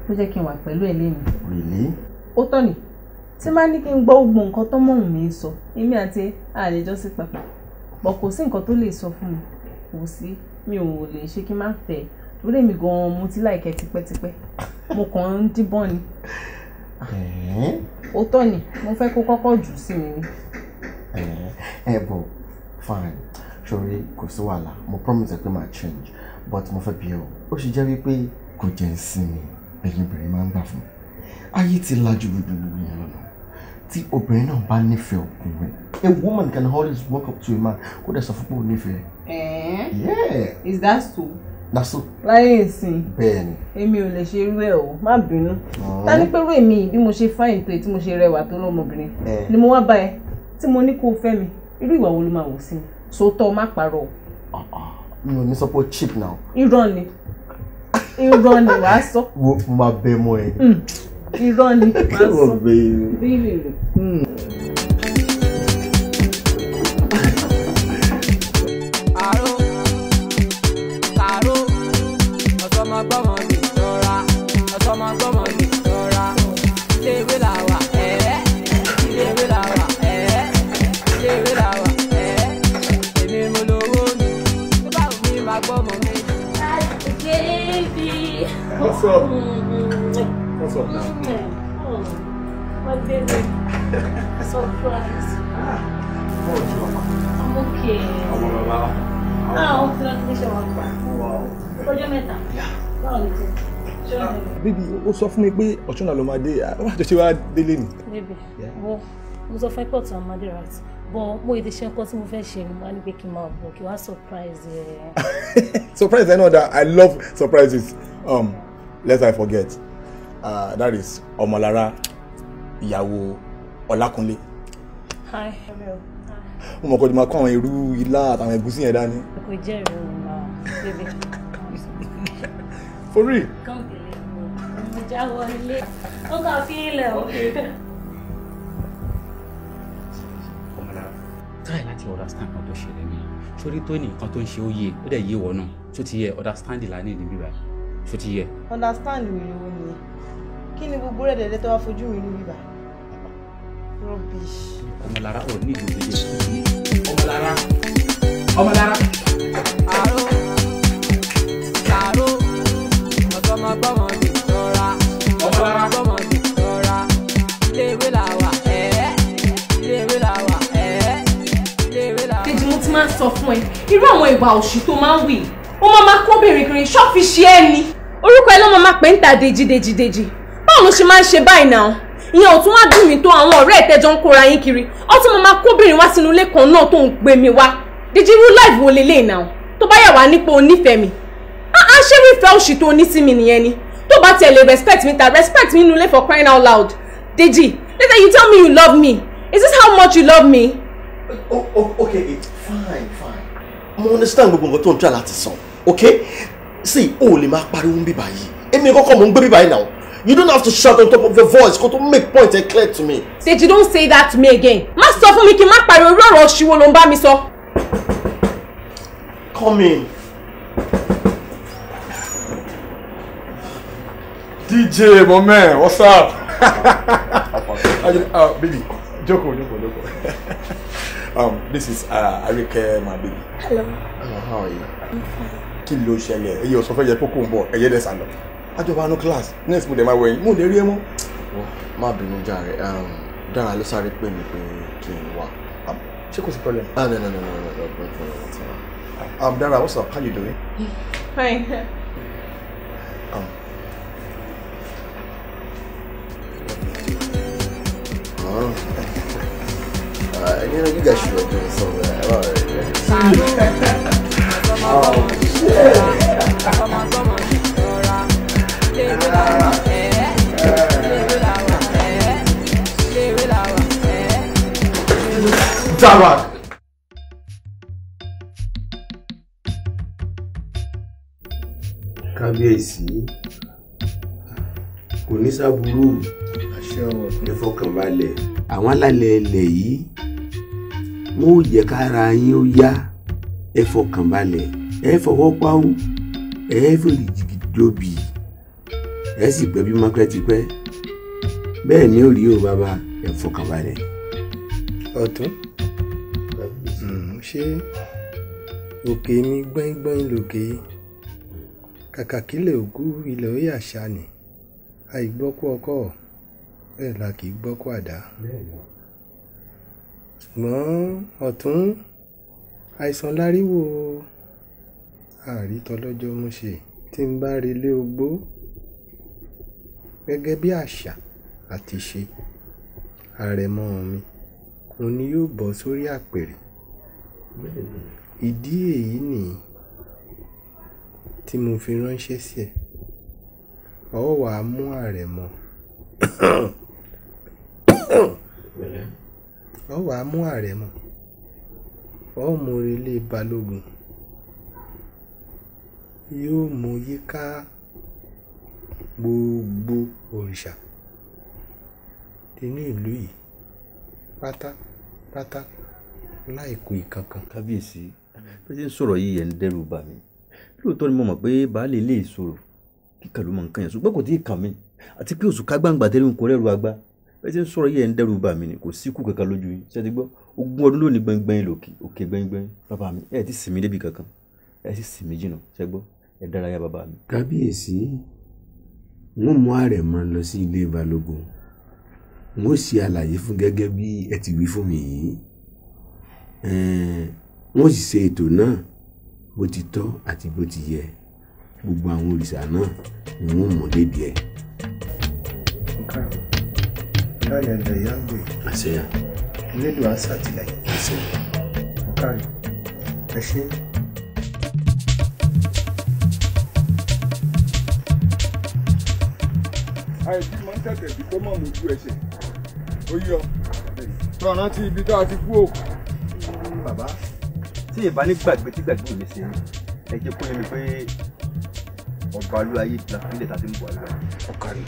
ló jẹ́ kí n wà pẹ̀lú ẹ̀ lẹ́nu. rìlí. ó tọ́ ni tí máa ní kí n gbọ́ gbogbo nǹkan tó mọ̀ mí sọ èmi àti àlejò sí papọ̀ bọ̀ kò sí nǹkan tó lè sọ fún mi kò sí mi ò lè ṣe kí n má fẹ́ ẹ torí èmi gan-an mo ti láìkẹ́ tipẹ́tipẹ́ mo kàn ń díbọ́n ni. ó tọ́ ni mo fẹ́ kó kọ́kọ́ jù sí mi ni. ẹ ẹ fine sori kò sí wàhálà mo promise pé màá change but mo fẹ́ bí ọ ó ṣe jẹ́ wípé kò jẹ́ ìsinmi ẹ̀yin obìnrin máa ń gbà fún mi ayé ti lajú gbogbo yẹn lọ́nà tí obìnrin náà bá nífẹ̀ẹ́ ọkùnrin a woman can always walk up to a man kó dẹ̀ sọ fún pé òun nífẹ̀ẹ́. yeah is that so. na so. láyé ìsìn bẹ́ẹ̀ni. èmi ò lè ṣe irú ẹ̀ o má bínú. ta ni pẹ̀lú èmi bí mo ṣe fáìn tó tí mo ṣe rẹwà tó lọ́mọbìnrin eh. ni mo wá bá ẹ tí mo ní kó o fẹ́ mi irú ìwà wo ló máa wò sí mi sòótọ́ má parọ́ o. Ah, ah mi ò ní sọ pé cheap now. irọ́ ni irọ́ ni wàá sọ. mo máa bẹ mọ ẹ. Hmm. irọ́ ni wàá sọ. bíbí ó sọ fún mi pé ọ̀túnla ló máa dé àwọn ah, àjọṣe wa délé ni. bíbí mo mo sọ fún ẹ pé ọ̀tún ọmọdé rà tí bọ mo èdè ṣe nǹkan tí mo fẹ́ ṣe ni mo á ní pé kí n máa bọ̀ kí wàá surprise surprise ẹ náà da i love surprises um, lest i forget uh, that is ọmọlára ìyàwó ọlákúnlé. hi hello. mo mọ̀ kó di máa kó àwọn irú ilá àtàwọn ẹ̀gúsí yẹn dání. kò jẹ́ ìròyìn náà for real mo já wọlé ó kàn fi ilẹ̀ o. understand kan tó ṣẹlẹ̀ mi sórí tó ní nǹkan tó ń ṣe ó yé ó dẹ̀ yé wọ náà tó ti yẹ understand là ní níbí tó ti yẹ. understand mi ni wọ́n yẹ kí ni gbogbo rẹ̀ dẹ̀dẹ̀ tó wá fojú mi níbí báyìí rubbish. ọmọlára ò ní ìlú méjèèjì ọmọlára ọmọlára. àrò àrò ọ̀sán máa gbọ́ wọn. sọ fún ẹ irú àwọn ìwà òṣì tó máa ń wì ó máa máa kó bèrèkèrè ṣọ́ọ̀fì ṣe ẹ́ ni. orúkọ ẹ ló máa máa pè ń ta dèjì dèjì dèjì báwo ló ṣe máa ń ṣe báyìí náà ìyẹn ò tún wá dùn mí tó àwọn ọ̀rẹ́ ẹ̀tẹ́jọ́ ń kóra yín kiri ó tún máa máa kó bèrè wá sínú ilé kan náà tó ń gbé mi wá dèjì irú láìf wo lélẹ̀ náà tó bá yà wá nípa onífẹ̀ẹ́ mi á ah, ah, ṣé wífẹ́ òṣì tó ní sí mi nìyẹn ni tó bá tiẹ̀ lè respect mi ta respect mi nulẹ̀ for crying out loud Deji later you tell me you love me is this how much you love me. Oh, oh, okay fine fine. mo understand gbogbo nǹkan tó ń try láti sọ ok see o ò lè máa pariwo ń bíbá yìí èmi kọ́kọ́ mò ń gbé bíbá yìí náà you don't have to shout on top of your voice kó tó make point eh, clear to me. Deji don't say that to me again má sọ fún mi kí n má pariwo irú ọ̀rọ̀ ṣíwó ló ń bá mi sọ. come in. DJ my man. what's up? uh, baby, jókòó, jókòó, jókòó. Um, this is uh, Arike, my baby. Hello. Hello, how are you? I'm fine. Kí ló ṣẹlẹ̀? Ẹyẹ ọ̀sán fẹ́ yẹ kókó ń bọ̀, ẹyẹ dẹ̀ sàlọ̀. Àjọba no class, next mo dẹ̀ máa wẹ̀yìn, mo lè rí ẹ mọ́. Wọ́n má bínú jàre, um, dára ló sáré pè mí pé kí n wá. Um, ṣé kò sí problem? Ah, no, no, no, no, no, no, no, no, no, no. Um, Dara, what's up? How you doing? Fine. Um, Oh. Uh, you know, you guys should have done something. oh, shit. Dawak! Kábíyèsí, kò ní sábúrú, ẹ fọkàn balẹ̀ àwọn alálẹ̀ ilẹ̀ yìí wọn ò jẹ́ kára yín ó yá ẹ fọkàn balẹ̀ ẹ fọwọ́ páwó ẹ fèrè jìgìdóbì ẹ sì pẹ́ bí mọ́kẹ́ ti pẹ́ bẹ́ẹ̀ ni ó rí o bàbá ẹ fọkàn balẹ̀. ọ̀tún hmm, ṣé òkè mi gbọ́ngbọ́n lòkè kàkà kílẹ̀ òkú ilẹ̀ ó yà ṣá ni àìgbọ́kú ọkọ̀ bẹ́ẹ̀ la kì í gbọ́ kó àdá ṣùgbọ́n ọ̀tún àìsàn láríwò àrítọ́lọ́jọ́ mú ṣe tí ń bá relé ogbó gẹ́gẹ́ bí àṣà àti ṣe àrẹ̀mọ mi òun ni yóò bọ́ sórí àpèrè ìdí èyí nìyí tí mo fi ránṣẹ́ sí ẹ ọ wàá mú àrẹ̀mọ. ọ wàá mú àrẹ̀mọ ọ mú ilé balógun yóò mú yíká gbogbo òrìṣà inú ìlú yìí pátápátá láìkù ìkankan. kábíyèsí bí ṣe ń sọ̀rọ̀ yìí ẹ̀ ń dẹ́rù bà mí lóòótọ́ mọ̀ pé baálé ilé ìṣòro kíkà ló mọ̀ nǹkan yẹn kò tí ì kàn mí. àti pé òṣùká gbàǹgbà tẹ́lẹ̀ ń kó rẹ́rù àgbà bẹ́ẹ̀ tí ń sọ̀rọ̀ yìí ẹ̀ ń dẹ́rù bà mí ni kò síkú kankan lójú yìí ṣe ti gbọ́ ogún ọdún lónìí gbẹ̀ngbẹ̀yìn lòkè òkè gbẹ̀ngbẹ̀yìn bàbá mi ẹ̀ ti sìn mí débi kankan ẹ̀ sì sìn mí ṣe gbọ́ ẹ̀ dárayá bàbá mi. kábíyèsí wọn mú àrẹ̀mọ lọ sí ilé balógun wọn ṣe àlàyé fún gẹ́gẹ́ bí ẹ ti wí fún mi yìí wọn sì ṣe ètò náà bó ti tọ́ àti bó ti yẹ gbogbo àwọn òrìṣà náà ni wọn mọ̀ lédìí ẹ̀ nǹkan láàrin ẹ̀dẹ̀ ìyá ń gbé àṣeyà nílò àṣà àtìlẹyìn àṣeyà nǹkan ẹ ṣe. àìsí máa ń tẹ̀tẹ̀ bí kó mọ̀ mójú ẹsẹ̀ ó yọ tọ̀nà tí ibi tá a ti kú òkú. bàbá tí ìbánigbàgbé tí gbàgbé mi ṣe ẹ jẹ́ kó yé mi pé ọba olúwayé la fílẹ̀ tá a ti ń bọ̀ olúwayé. ọkàrí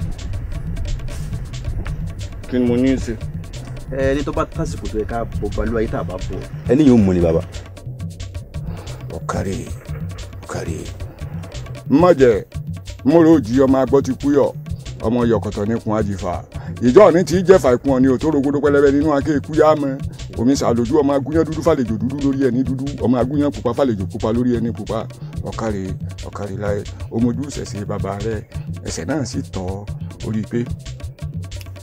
kí ni mo ní í ṣe. ẹni tó bá tásìkò tó yẹ ká bọ ọba olúwayé tá a bá bọ. ẹni yóò mú ni bàbá. ọkàrí ọkàrí. mọ̀jẹ̀ múra òjì ọmọ agbọ́ ti kú yọ ọmọ yọkọ̀tọ̀ nípun ajífa ìjọ ní ti jẹ́fà ìkun ọ̀ni òtó rògbòdó pẹlẹbẹ nínú akéèkú yá mọ́ omi ṣàlòjú ọmọ agúnyán dúdú fàlejò dúdú lórí ẹni dúdú ọmọ agúnyán pupa fàlejò pupa lórí ẹni pupa ọ̀kàrẹ̀ ọ̀kàrẹ̀ láyé ọmọdú ṣẹ̀ṣẹ̀ bàbá rẹ̀ ẹ̀ṣẹ̀ náà sì tọ́ orí pé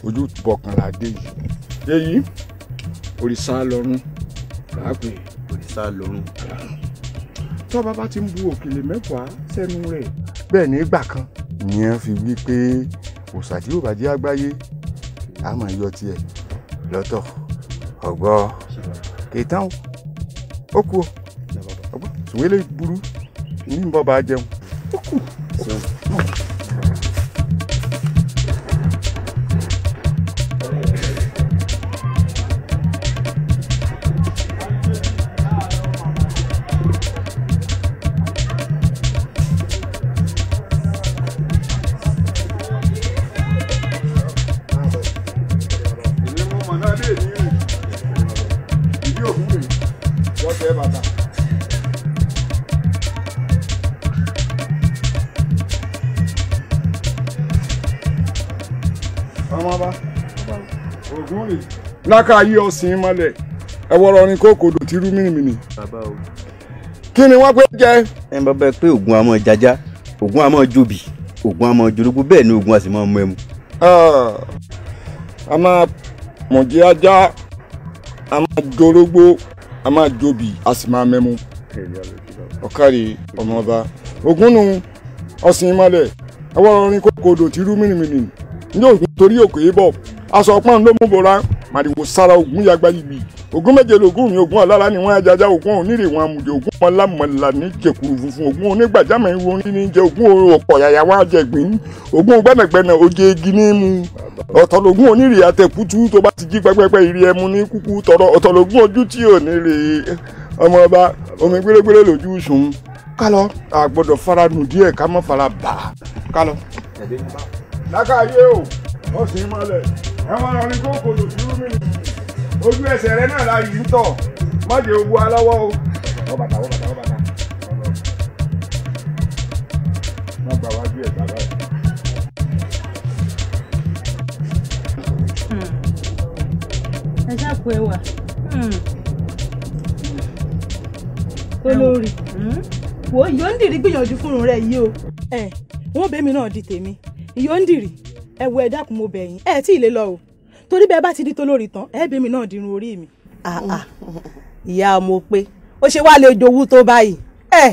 ojú bọ̀kànlá dé yìí dé yìí òrìṣà lọ́run láàpẹ̀ òrìṣà lọ́run tọ́ba bá ti ń bu òkèlè mẹ́wàá sẹ́nu rẹ̀ bẹ́ẹ̀ ní ìgbà kan ìyẹn fi wí pé òṣà tí àgbáyé àmọ́ ìyọ tiẹ̀ lọ́tọ̀ ọgbọ kìtàn ó kú ọgbọ sùnwélé burú ní bọ́ bá jẹun ó kú. lákàáyé ọ̀sìn mọ́lẹ̀ ẹ̀wọ̀rọ̀ orin kòkòdò tí rú mìnìmìnì. kí ni wọ́n pé jẹ́. ẹ ń bàbá ẹ pé oògùn àmọ́ jaja oògùn àmọ́ jòbì oògùn àmọ́ ni oògùn àsìmọ́ mọ́ ẹmu. a máa ah, mọ̀jì ajá a máa jorógbó a máa jòbì a sì máa mẹ́mu. ọ̀kàrí ọmọọba oògùn mìnìmìnì ní torí òkè aṣọ ló mú màrìwò sára ogun yagba yìí ogun méje lógún mi ogun ọlára ni wọn ajaja ogun onírè wọn amújẹ ogun ọlámọlá ní jẹkùrù funfun ogun onígbàjámọ̀ ìwọ orin ní jẹ ogun ọ̀pọ̀ yàyà wọn àjẹgbìn ogun gbẹnàgbẹnà oje igi ní mu ọ̀tọ̀lógún onírè àtẹ̀kútú tó bá ti jí pẹpẹpẹ ìrì ẹmu ní kúkú tọrọ ọ̀tọ̀lógún ojú tí ò ní omi gbérégbéré lójú sùn kálọ àgbọ́dọ̀ fara nù díẹ̀ ká má fara bà kálọ. lákàáyé o ọ̀sìn mọ́lẹ̀ ẹ máa rí kókò lòdúró mi ojú ẹsẹ̀ rẹ náà la yìí ń tọ̀ má jẹ́ owó alọ́wọ́ o. ọ bàtà ọ bàtà ọ bàtà má gbà wá bí ẹ̀ka báyìí. Hmm. ẹ ṣàpò ẹwà olórí hmm. hmm. wo yóò ń dìrí gbìyànjú fún un rẹ yìí o ẹ wọn bèmí náà di tèmi yóò ẹ wo ẹ dákun mo bẹ̀ yín ẹ tí ì lè lọ o torí bẹ́ẹ̀ bá ti di tolórí tán ẹ bí mi náà dirun orí mi. Ah, mm. ah. ìyá mo pé ó ṣe wá lè jowú tó báyìí ẹ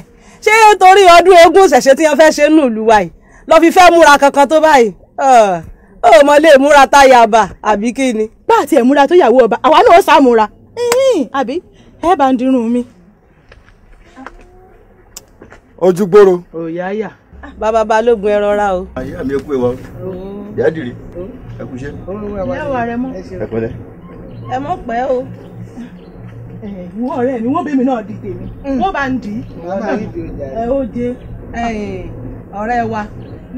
ṣé torí ọdún ogún ṣẹ̀ṣẹ̀ tí wọ́n fẹ́ ṣe nù lù wáyìí lọ fi fẹ́ múra kankan tó báyìí ó mọ lè múra táyà ọba àbí kí ni. bá àti ẹ̀ múra tó yàwó ọba àwa náà ó sá múra àbí ẹ bá ń dirun mi. ojú gbòòrò. òyáyà bàbá balógun ẹ rọra o. àyà mi ò pè wá ìyá dìrì hmm? ẹ kú iṣẹ́. ìyáwó rẹ mọ ẹ pẹ̀lẹ́. ẹ mọ pẹ o. ìwọ ọ̀rẹ́ mi wọn bèmi náà di tèmi hmm. wọn bá ń dì í ẹ ó jẹ. ọ̀rẹ́ wa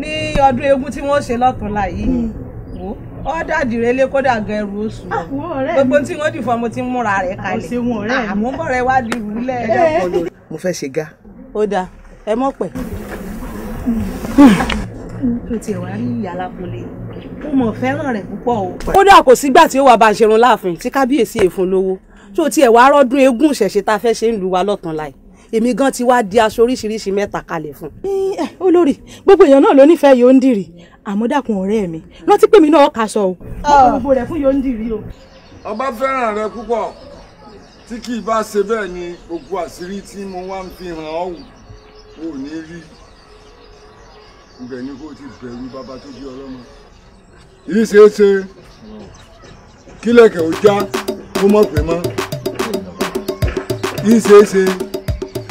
ní ọdún eégún tí wọ́n ṣe lọ́tùnla yìí hmm. wò ó dàdìrẹ́ lé kódà gẹrù oṣù ah, gbogbo tí wọ́n dì fún ọmọ tí ń múra rẹ̀ ah, kalẹ̀ àmọ́ ah, bọ̀rẹ̀ wá di ìrúlẹ̀. mo fẹ́ ṣe ga. ó dáa ẹ mọ̀ pẹ́ tó tiẹ̀ wá ní ìyá alákùnlé mo mọ̀ fẹ́ràn rẹ̀ púpọ̀ o. kódà kò sígbà tí ó wà bá ń ṣerun láàfin tí kábíyèsí èèfún lówó tó tiẹ̀ wá rọ́dún eégún ṣẹ̀ṣẹ̀ tá a fẹ́ ṣe ń lu wa lọ́tàn láì èmi gan ti wá di aṣọ oríṣiríṣi mẹ́ta kalẹ̀ fún. olórí gbogbo èèyàn náà ló nífẹ̀ẹ́ yòóndìrì àmọ́ dákun ọ̀rẹ́ mi rántí pé mi náà kà sọ o. gbogbo rẹ̀ fún yòóndìrì o. ọba fẹ́ràn rẹ púpọ̀ tí kì í bá ṣe bẹ́ẹ̀ ni òkú àṣírí tí mo wá ń fi hàn ọ́ wò ò ní rí ibẹ̀ ni kò ti bẹ̀rù bàbá tó bí ọlọ́mọ. yìí ṣe é ṣe kílẹ̀kẹ̀ ó já kó mọ̀ pé mọ́ yìí ṣe é ṣe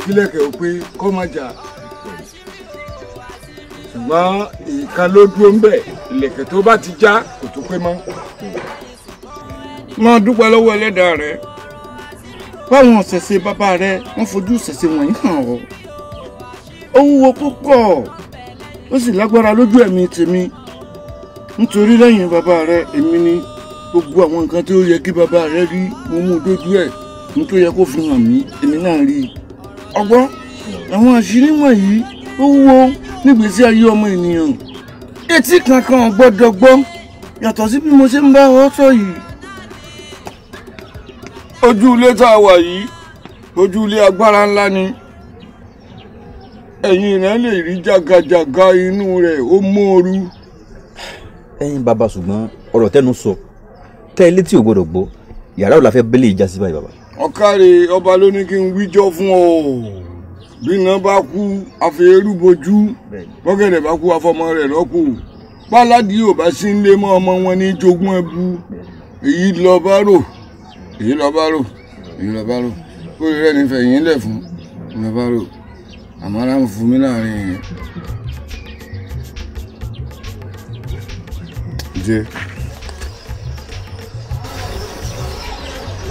kílẹ̀kẹ̀ ó pé kọ́ má jà ṣùgbọ́n ìkan ló dúró ń bẹ̀ ìlẹ̀kẹ̀ tó bá ti já kò tó pé mọ́. máa dúpẹ́ lọ́wọ́ ẹlẹ́dàá rẹ̀ báwọn ọ̀sẹ̀sẹ̀ bàbá rẹ̀ wọ́n fojú ọ̀sẹ̀sẹ̀ wọ̀nyí hàn ọ́ ó wúwo púpọ̀ ó sì lágbára lójú ẹ̀mí tèmi nítorí lẹ́yìn bàbá rẹ èmi ni gbogbo àwọn nǹkan tí ó yẹ kí bàbá rẹ rí mo mú dójú ẹ̀ ní tó yẹ kó fi hàn mí èmi náà rí i ọgbọ́n àwọn àṣírí wọ̀nyí ó wúwo nígbésí ayé ọmọ ènìyàn etí kankan gbọ́dọ̀ gbọ́ yàtọ̀ sí bí mo ṣe ń bá ọ sọ yìí. ojú ilé tá a wà yìí ojú ilé agbára ńlá ni ẹ̀yìn rẹ̀ lè rí jagajaga inú rẹ̀ ó mọ́ọ́rú. ẹ̀yin bàbá ṣùgbọ́n ọ̀rọ̀ tẹ́nu sọ tẹ́ ẹ létí ò gbọ́dọ̀ gbọ́ yàrá ò la fẹ́ bẹ́lẹ̀ ìjà sí báyìí bàbá. ọ̀kàrẹ̀ ọba ló ní kí n wíjọ́ fún ọ bí iná bá kú àfẹ́rú bojú bọ́gẹ̀dẹ̀ bá kú afọmọ rẹ̀ lọ́kù páládì ò bá sí ń mọ́ ọmọ wọn ní jogún ẹbú èyí lọ bá rò èyí lọ bá rò èyí lọ bá rò kó rẹ̀ nífẹ̀ẹ́ yín lẹ̀ fún lọ bá rò àmọ́ ara ń fún mi láàrin yẹn. jẹ́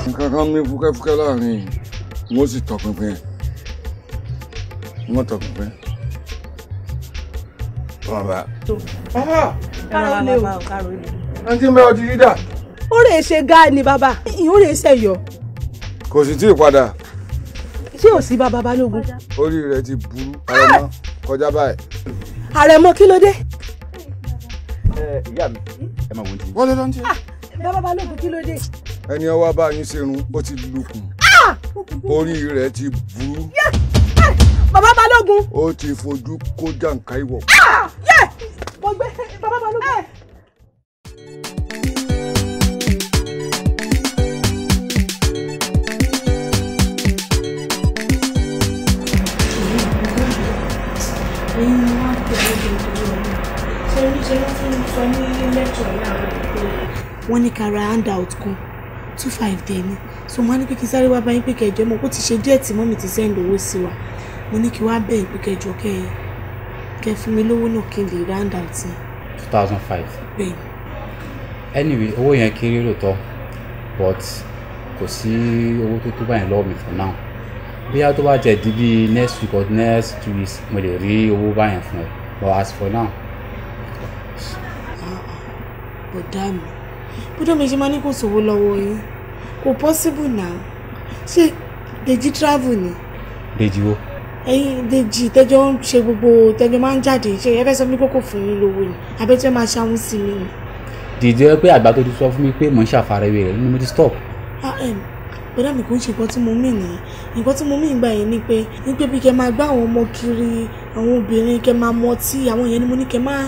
nǹkan kan mí fúkẹ́fúkẹ́ láàrin yìí wọ́n sì tọpinpin wọ́n tọpinpin. bàbá. bàbá. o káàró lè o. àǹtí mẹ́wàá ti rí dà. ó rè é ṣe gáà ni bàbá ìhùn rè é ṣẹ̀yọ. kò sì tí ì padà ṣé ò sí bàbá balógun. orí rẹ ti burú àrẹ̀mọ kọjá báyìí. àrẹ̀mọ kí ló dé. ẹ ìyá mi ẹ máa wọ́n ti. wọ́n ló ló ń bàbá balógun kí ló dé. ẹni ọwọ́ bá yín ṣerun ó ti lukùn ah! orí rẹ ti burú. bàbá balógun. ó ti fojú kó jàǹkà ìwọ̀. Ah! mo gbé bàbá balógun. ṣe ló tún sọ ní lẹ́kṣọ̀ láàárọ̀ pé. wọ́n ní ká ra handout kan two five ten ni so wọ́n á ní pé kí n sáré wá báyìí pé kẹjọ mọ̀ kó ti ṣe díẹ̀ tí mọ́mì ti sẹ́ńd owó sí wa mo ní kí wá bẹ́ẹ̀ pé kẹjọ kẹ kẹ fún mi lówó náà kí n lè ra handout yẹn. two thousand five. bẹ́ẹ̀ ni. anyway owó yẹn kéré lóòótọ́ but kò sí owó tó tó báyìí lọ́wọ́ mi for now bóyá tó bá jẹ́ di bíi next week or next two weeks mo lè rí owó báyìí fún ẹ but as for now bọ̀dá mi bọ́dọ̀ mi ṣe máa ní kò sówó lọ́wọ́ yín kò pọ́síbù náà ṣé Dèjì travel ni. Dèjì wo. ẹ̀yin Dèjì tẹjọ ń ṣe gbogbo tẹjọ máa ń jáde ṣe ẹ fẹ́ sọ mi kókò fún yín lówó ni abẹ́tẹ́ máa ṣàwọn sí mi. dìde pé àgbà tó ti sọ fún mi pé mò ń ṣàfarawé rẹ nínú mo ti stop. Ah, bọ́dọ̀ mi kò ń ṣe nǹkan tí mo mì nìyẹn nǹkan tí mo mì gbà yẹn ni pé ni pé bí kẹ máa gbá àwọn ọmọ kiri àwọn obìnrin kẹ máa mọtí àwọn yẹn ni mo ní kẹ máa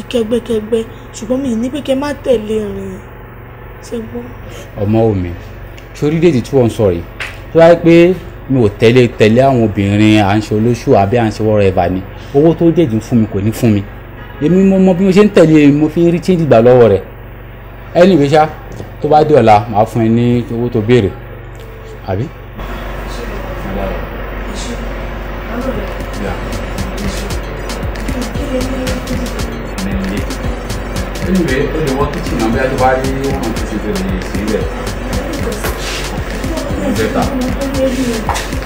kí kẹ́gbẹ́kẹ́gbẹ́ ṣùgbọ́n mi ní pé kẹ́ má tẹ̀lé rìn ṣe gbọ́. ọmọ omi sórí déètì tí wọ́n sọ yìí tó wáyé pé mi ò tẹ́lẹ̀ tẹ́lẹ̀ àwọn obìnrin à ń ṣe olóṣù àbí à ń ṣe wọ́rọ̀ ẹ̀bà ni owó tó déètì fún mi kò ní fún mi èmi mo mọ bí mo ṣe ń tẹ̀lé mo fi ń rí change gbà lọ́wọ́ rẹ̀ anyway ṣá tó bá dé ọ̀la màá fún ẹ ní owó tó béèrè àbí. primeiro, eu vou assistir. Na verdade, vale um ano de se Vamos ver, tá?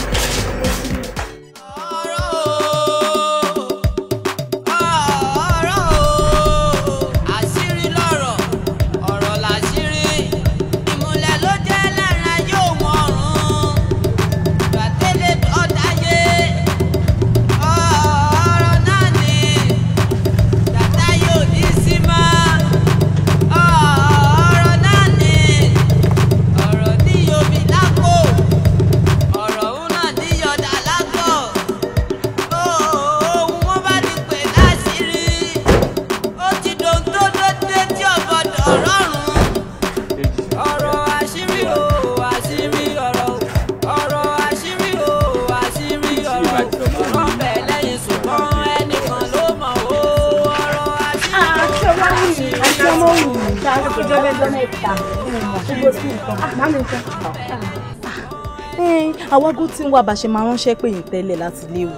àwágún tí ń wá bá ṣe máa ránṣẹ́ pé yín tẹ́lẹ̀ láti ilé ìwé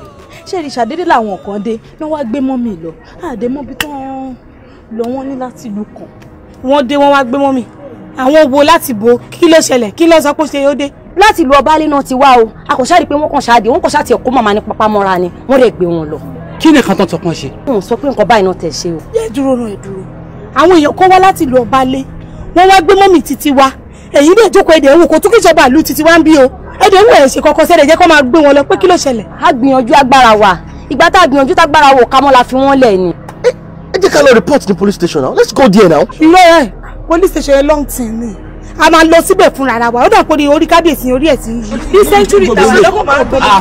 ṣé rí ṣàdédé làwọn kan dé ni wọ́n wá gbé mọ́mì lọ àdèmọ́bí tán lọ wọ́n ní láti ìlú kan. wọ́n dé wọ́n wá gbé mọ́mì àwọn wo láti bo kí ló ṣẹlẹ̀ kí ló sọ pé ṣe ó dé. láti ìlú ọbaálé náà ti wá o a kò ṣáà rí i pé wọ́n kàn ṣáà dé wọ́n kàn ṣáà tiẹ̀ kó màmá ní pápá mọ́ra ni wọ́n rẹ̀ gbé wọn lọ. kí ni kan tán tọkàn ṣe. wọn sọ pé nǹkan báyìí náà tẹ̀ ṣe o. yẹ dúró náà ẹ dúró àwọn èèyàn kó wá láti ìlú ọbaálé wọ́n wá gbé mọ́mì títí wa èyí lè jókòó èdè òun kò tún kíjọba ìlú títí wa ń bí o ẹjọ́ ń bẹ̀rẹ̀ ṣe kọ́kọ́ sẹ́dẹ̀ jẹ́ kó máa gbé wọn lọ pé kí ló ṣẹlẹ̀. a gbìyànjú agbára wa ìgbà tá a gbìyànjú tágbára wò ká mọ́ la fi wọ́n lẹ̀ ni. ẹ jẹ́ ká lọ report ní police station now let's go there now. irọ́ ẹ̀ police station yẹn long time ni a máa lọ síbẹ̀ fúnra ara wa ó dà pé orí kábíyèsí orí ẹ̀ ti ń bí sẹ́ńtúrì tàwa lọ́kọ̀ máa ń bọ̀ ah.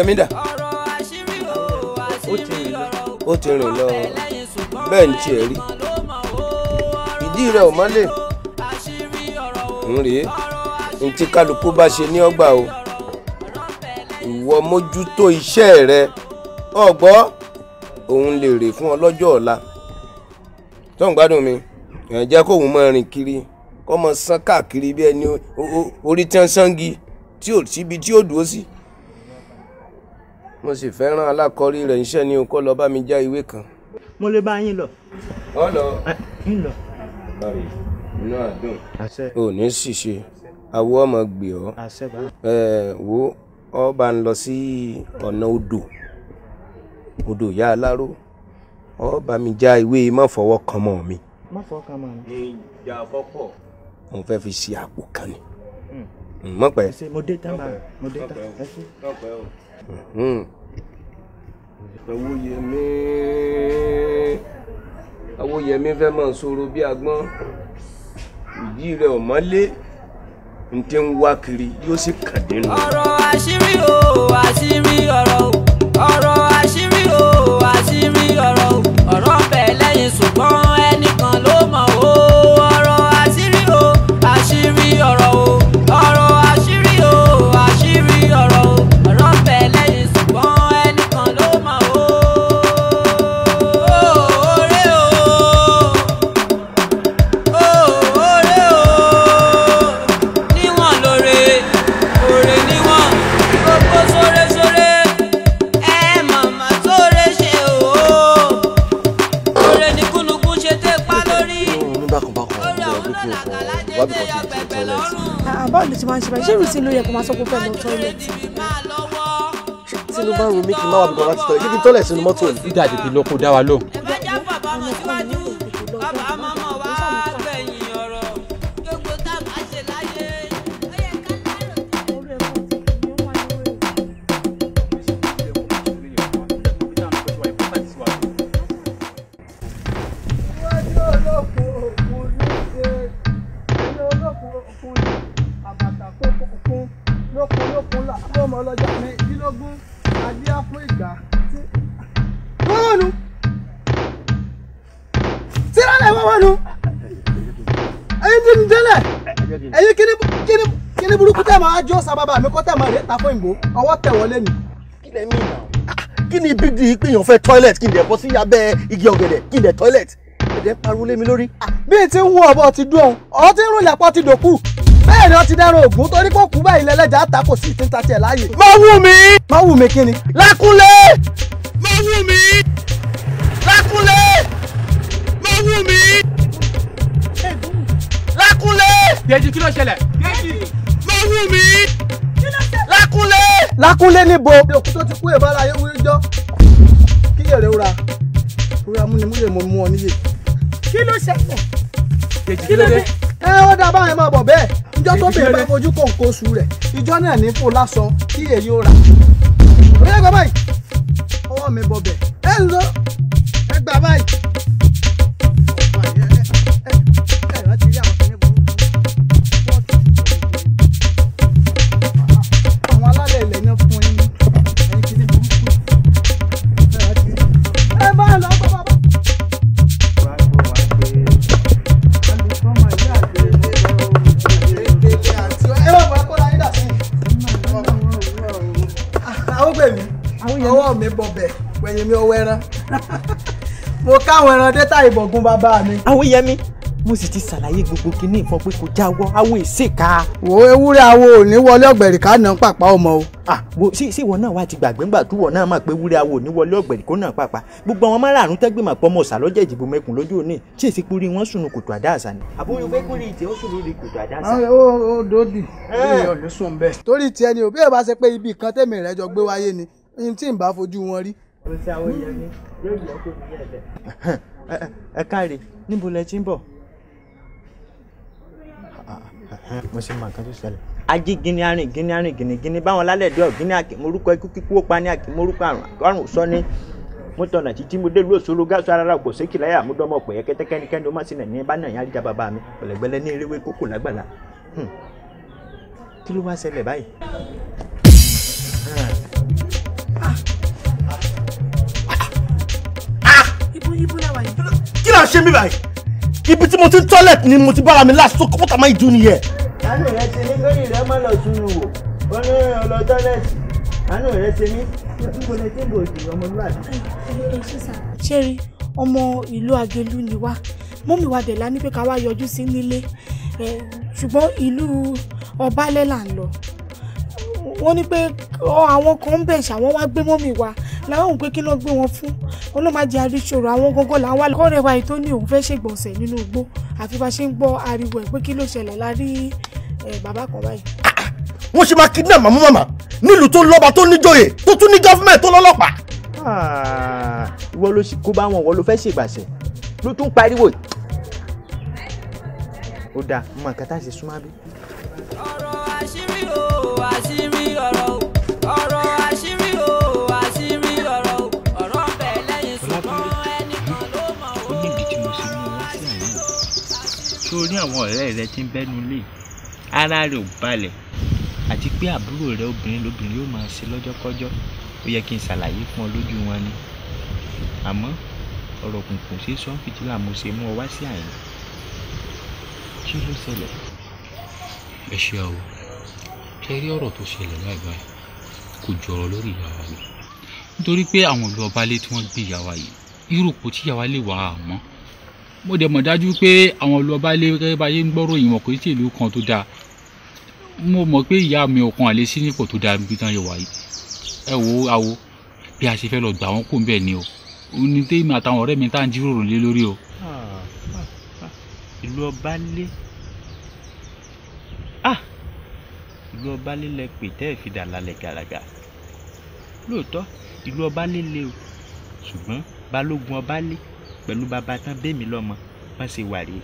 yẹmí dà. ó ti rìn lọ bẹ́ẹ̀ ń tiẹ̀ rí ìdí rẹ̀ ò mọ́lẹ̀ ń rèé ntí kálukú bá ṣe ní ọgbà o ìwọ mójútó iṣẹ́ rẹ ọgbọ́ òun lè rè fún ọ lọ́jọ́ ọ̀la tó gbádùn mi ẹ̀ jẹ́ kó òun máa rìn kiri kó máa sán káàkiri bí ẹni orí tí wọ́n sán gi tí ò síbi tí ó dúró sí. Si mo sì fẹ́ràn alákọ̀rí rẹ̀ iṣẹ́ ni kó lọ bá mi já ìwé kan. mo lè bá yín lọ. ọ lọ. ń lọ. báyìí inú àdùn. ò ní ṣìṣe àwọ ọmọ gbé ọ. ẹ wo ọ bá ń lọ sí ọ̀nà odò odò ìyá aláró ọ bá mi já ìwé má fọwọ́ kan mọ́ mi. má fọwọ́ kan mọ́ mi. ìjà fọ́pọ̀. mo fẹ́ fi ṣe àpò kan ni. Hmm. mọ̀ mo dé tán bá mo dé tán. Awóyẹmí Awóyẹmí fẹ́ máa sọ̀rọ̀ bí agbọ́n ìdí rẹ̀ ọ̀mọ́lé n ti ń wá kiri yóò sì kàdé nù. ọ̀rọ̀ àṣírí o àṣírí ọ̀rọ̀ ọ̀rọ̀ ń ṣe báyìí ṣé ló yẹ kó máa sọ pé fẹ́ lọ tọ́lẹ̀tì. ṣé tí bá ń ro mí kí n má wà bí kan láti tọ́lẹ̀ kí n tọ́lẹ̀ sínú mọ́tò ní. dídá àjèjì lọ dá wa lóhùn. àbàtà tó kún lókun lókun lọ́mọ ọlọ́jà mẹ́ẹ̀ẹ́dínlógún adíá fún ìgbà tí. wọ́wọ́nu sírálẹ̀ wọ́wọ́nu ẹyin tí ń délẹ̀ ẹyin kíní burúkú tẹ̀ máa jó sábàbà mi kọ́ tẹ̀ máa rẹ̀ fún ìgbò ọwọ́ tẹ̀ wọlé ni. kí lẹ mí nà kí ni ibi di pé èèyàn fẹ́ kí n dẹ̀ bọ́ sí abẹ́ igi ọ̀gẹ̀dẹ̀ kí n dẹ̀ toilet ẹ̀dẹ̀ pariwo lé mi lórí. bí ètí ń wú ọ̀bọ ti dún ọ̀hún ọ̀hún ti pọ̀ ti dòkú bẹ́ẹ̀ ni wọ́n ti dẹ́rùn ògún torí kò kú báyìí lẹ́lẹ́jà ta kò sí ìtúntà tiẹ̀ láàyè. má wù mí. má wù mí kí ni. lákúnlé. má wù mí. lákúnlé. má wù mí. lákúnlé. Dèjì kí ló ṣẹlẹ̀. Dèjì. má wù mí. lákúnlé. lákúnlé níbo. òkú tó ti kú èèbá láyé wíwí jọ kí yẹ̀rẹ̀ wúra wúra múnimúlẹ̀ mo mú ọ níyè. kí ló ṣẹlẹ̀ kí ló dé. ẹ ó dá báyìí máa bọ̀ bẹ́ẹ̀ ìjọ tó bèèrè bá fojú kò nǹkan oṣù rẹ̀ ìjọ náà ní fún lásọ kí èyí ó rà. orí ẹgbẹ́ báyìí ọwọ́ mi bọ̀ bẹ́ẹ̀ ẹ ń lọ ẹgbàá báyìí. èmi ọwọ́ ẹran mo káwọn ẹran dẹ́ta ìbọ̀gún bàbá mi. Awóyẹmí mo sì ti ṣàlàyé gbogbo kinní ìfọn pé kò jáwọ́ àwọn èsèká. wo ewúrẹ́ awo ò ní wọlé ọ̀gbẹ̀rì ká náà pàpà ọmọ o. àwo sí ìwọ náà wá ti gbàgbé ńgbà tó wọ náà mà pé ewúrẹ́ awo ò ní wọlé ọ̀gbẹ̀rì kó náà pàpà gbogbo àwọn márààrún tẹ́gbìmọ̀ pọ̀ mọ̀ ṣàlọ́jẹ̀ ìdìbò mẹ́kùn lójú òní tí èsì pé orí wọn sùn kòtò àdá àṣà ni. àbúrò pé kúrì ìtì ó sùn lórí kòtò àdá àṣà. ó ó dòdì ó lè sùn bẹ́ẹ̀. torí tiẹ̀ ni òbí ẹ̀ bá ṣe pé ibì kan tẹ̀mí rẹ̀ jọ gbé wáyé ni n tí n bá fojú wọn rí ẹ káre níbo lẹ ti ń bọ̀. mo ṣe mọ nǹkan tó ṣẹlẹ̀. ají gini arìn gini arìn gini gini báwọn lálẹ́ dé ọ̀gíní àkè morúkọ ikú kíkú ó pa ní àkè morúkọ àrùn sọ ní mo tọ̀nà títí mo dé ìlú òṣòro ara sékì láyà kẹ́nikẹ́ni má sì nàní bá nàní àríjà bàbá mi pẹ̀lẹ́gbẹ́lẹ́ ní eréwé kókò lágbàlá hmm. kí ló wá ṣẹlẹ̀ báyìí. Ah. kí ló ń ṣe mí báyìí ibi tí mo ti toilet ni mo ti bára mi last so what am I doing here. àánú rẹ ṣe ní lórí rẹ má lọ sunu wò ó ní ọlọ tọ́lẹ̀tì àánú rẹ ṣe ní níbo ni tí n bò jù ọmọlúwàbí. ṣé rí ọmọ ìlú agelu ni wá mọ́mí wa dẹ̀ la ní pé ká wá yọjú sí nílé ṣùgbọ́n ìlú ọbalẹ̀ là ń lọ wọ́n ní pé àwọn kan ń bẹ̀ ṣàwọn wá gbé mọ́mí wa làwọn òǹgbẹ kí ló gbé wọn fún ọlọ́màjẹ àríṣòro àwọn gangan làwọn alẹ́ ọ̀rẹ́ wa yìí tó ní òun fẹ́ ṣègbọ̀nsẹ̀ nínú igbó àfi bá ṣe ń gbọ́ ariwo ẹ̀ pé kí ló ṣẹlẹ̀ la bàbá kan báyìí. wọ́n ṣe máa kidnap màmú màmá nílùú tó lọ́ba tó níjòyè tó tún ní gọ́fìmẹ̀ntì tó lọ́lọ́pàá. Ah, ìwọ ló sì kó bá wọn wọ ló fẹ́ ṣègbàṣẹ ló tún pariwo yìí. rí àwọn ọ̀rẹ́ rẹ tí ń bẹ́nu lé ara rẹ ò balẹ̀ àti pé àbúrò rẹ obìnrin lóbìnrin yóò máa ṣe lọ́jọ́kọ́jọ́ ó yẹ kí n ṣàlàyé fún ọ lójú wọn ni àmọ́ ọ̀rọ̀ kùnkùn ṣe sọ fìtílà mo ṣe mú ọ wá sí àyìn kí ló ṣẹlẹ̀. ẹ ṣe o ṣe rí ọ̀rọ̀ tó ṣẹlẹ̀ láìpẹ́ kò ju ọ̀rọ̀ lórí ìyá wa lọ nítorí pé àwọn ìlú ọba lé tí wọ́n gbé ìyá wa irú òpó tí ìyá lè wà á mọ́ mo dẹ̀ mọ̀ dájú pé àwọn ọlọ́ba ilé gẹ́gẹ́ báyé ń gbọ́rò ìwọ̀n kò sí ìlú kan tó dáa mo mọ̀ pé ìyá mi ọ̀kan àlè sí nípò tó dáa níbi tán yẹ wáyé ẹ wo awo bí a ṣe fẹ́ lọ gbà wọ́n kó bẹ́ẹ̀ ni o ní tèmi àtàwọn ọ̀rẹ́ mi tá à ń jíròrò lé lórí o. ìlú ọba lé ah! ìlú ọba lé lẹ pè tẹ́ ẹ̀ fi dà lálẹ́ gàràgà lóòótọ́ ìlú ọba lé lé o ṣùgbọ́n balógun ọba lé pẹ̀lú bàbá tán bẹ́mi lọ́mọ wọ́n ṣe wà rèé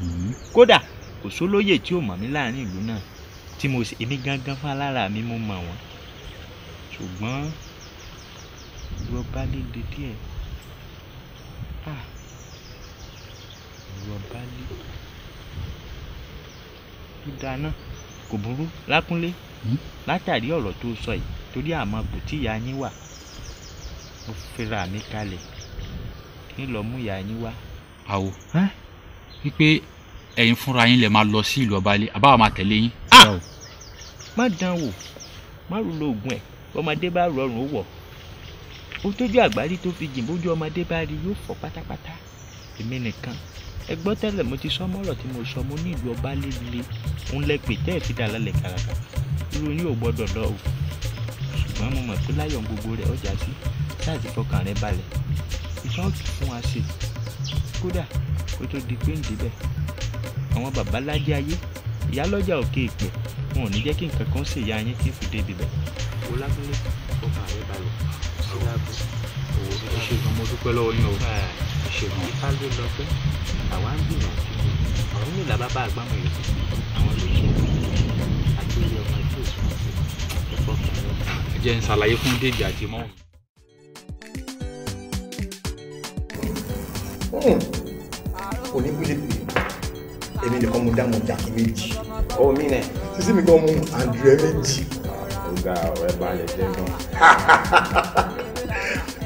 hmm. kódà kò sólóyè tí ò mọ̀ mí láàrin ìlú náà tí mo sì èmi gangan fálára mi mo mọ̀ wọ́n ṣùgbọ́n ìwọ bá léde díẹ̀ ah! ìwọ bá lé dídá náà kò burú lákúnlé hmm? látàrí ọ̀rọ̀ tó sọ yìí torí àmọ́ kò tíya yín wà mo fira mi kalẹ̀ ń lọ mú ìyá yín wá. àwò wípé ẹ̀yin fúnra yín lè máa lọ sí ìlú ọba ilé àbáwá máa tẹ̀lé yín. Ah! má dán wò má rú lo oògùn ẹ̀ ọmọdé bá rọrùn ó wọ̀ ó tójú àgbárí tó fi jìn bójú ọmọdé bá rí yóò fọ́ pátápátá èmi nìkan ẹ gbọ́ tẹ́lẹ̀ mo ti sọ mọ́rọ̀ tí mo sọ mo ní ìlú ọba líle ń lẹ pè tẹ́ ẹ̀ fi dà lálẹ́ kàràkà irú ò gbọ́dọ̀ lọ o ṣùgbọ́n mo mọ̀ pé láyọ̀ gbogbo rẹ̀ ọjà sí láti fọkàn rẹ balẹ̀ ṣọ́ọ̀ṣì fún wa ṣe kódà kó tó di pé ń débẹ̀ àwọn babalájẹ ayé ìyálọ́jà òkè ìpẹ́ wọn ò ní jẹ́ kí nǹkan kan ṣèyá yín kí n fi débi bẹ̀. wo lábúlé ọkàn rẹ balẹ̀ sí láàbù owó bí wọ́n ṣe gan mo dúpẹ́ lọ́wọ́ yín o ṣègùn ifá ló lọ pé àwa ń gbìyànjú ọ̀run nílà bàbá àgbàmọ̀ yìí àwọn ló ṣe àgbélé ọmọ ẹgbẹ́ òṣùwọ̀n ẹ̀fọ́ kan lọ́wọ́. ẹ jẹ́ ń ṣàlàyé fún kò ní wílé pé èmi nìkan mo dá mo jà kí méjì. ó mi nẹ. sísí mi kan mú àdúrà méjì. ọ̀gá ọ̀rẹ́ balẹ̀ jẹ́ gan.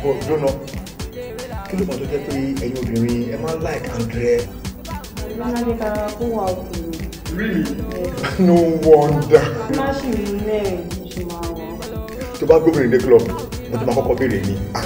bọ̀ lónà kí ló mọ̀ tó jẹ́ pé ẹ̀yin obìnrin ẹ máa ń like àdúrà. máa ní ká kó wà òkú. really no wonder. má ṣì ń mẹ́rin tó bá gbóbìnrin dé club mo ti máa kọ́kọ́ béèrè ní à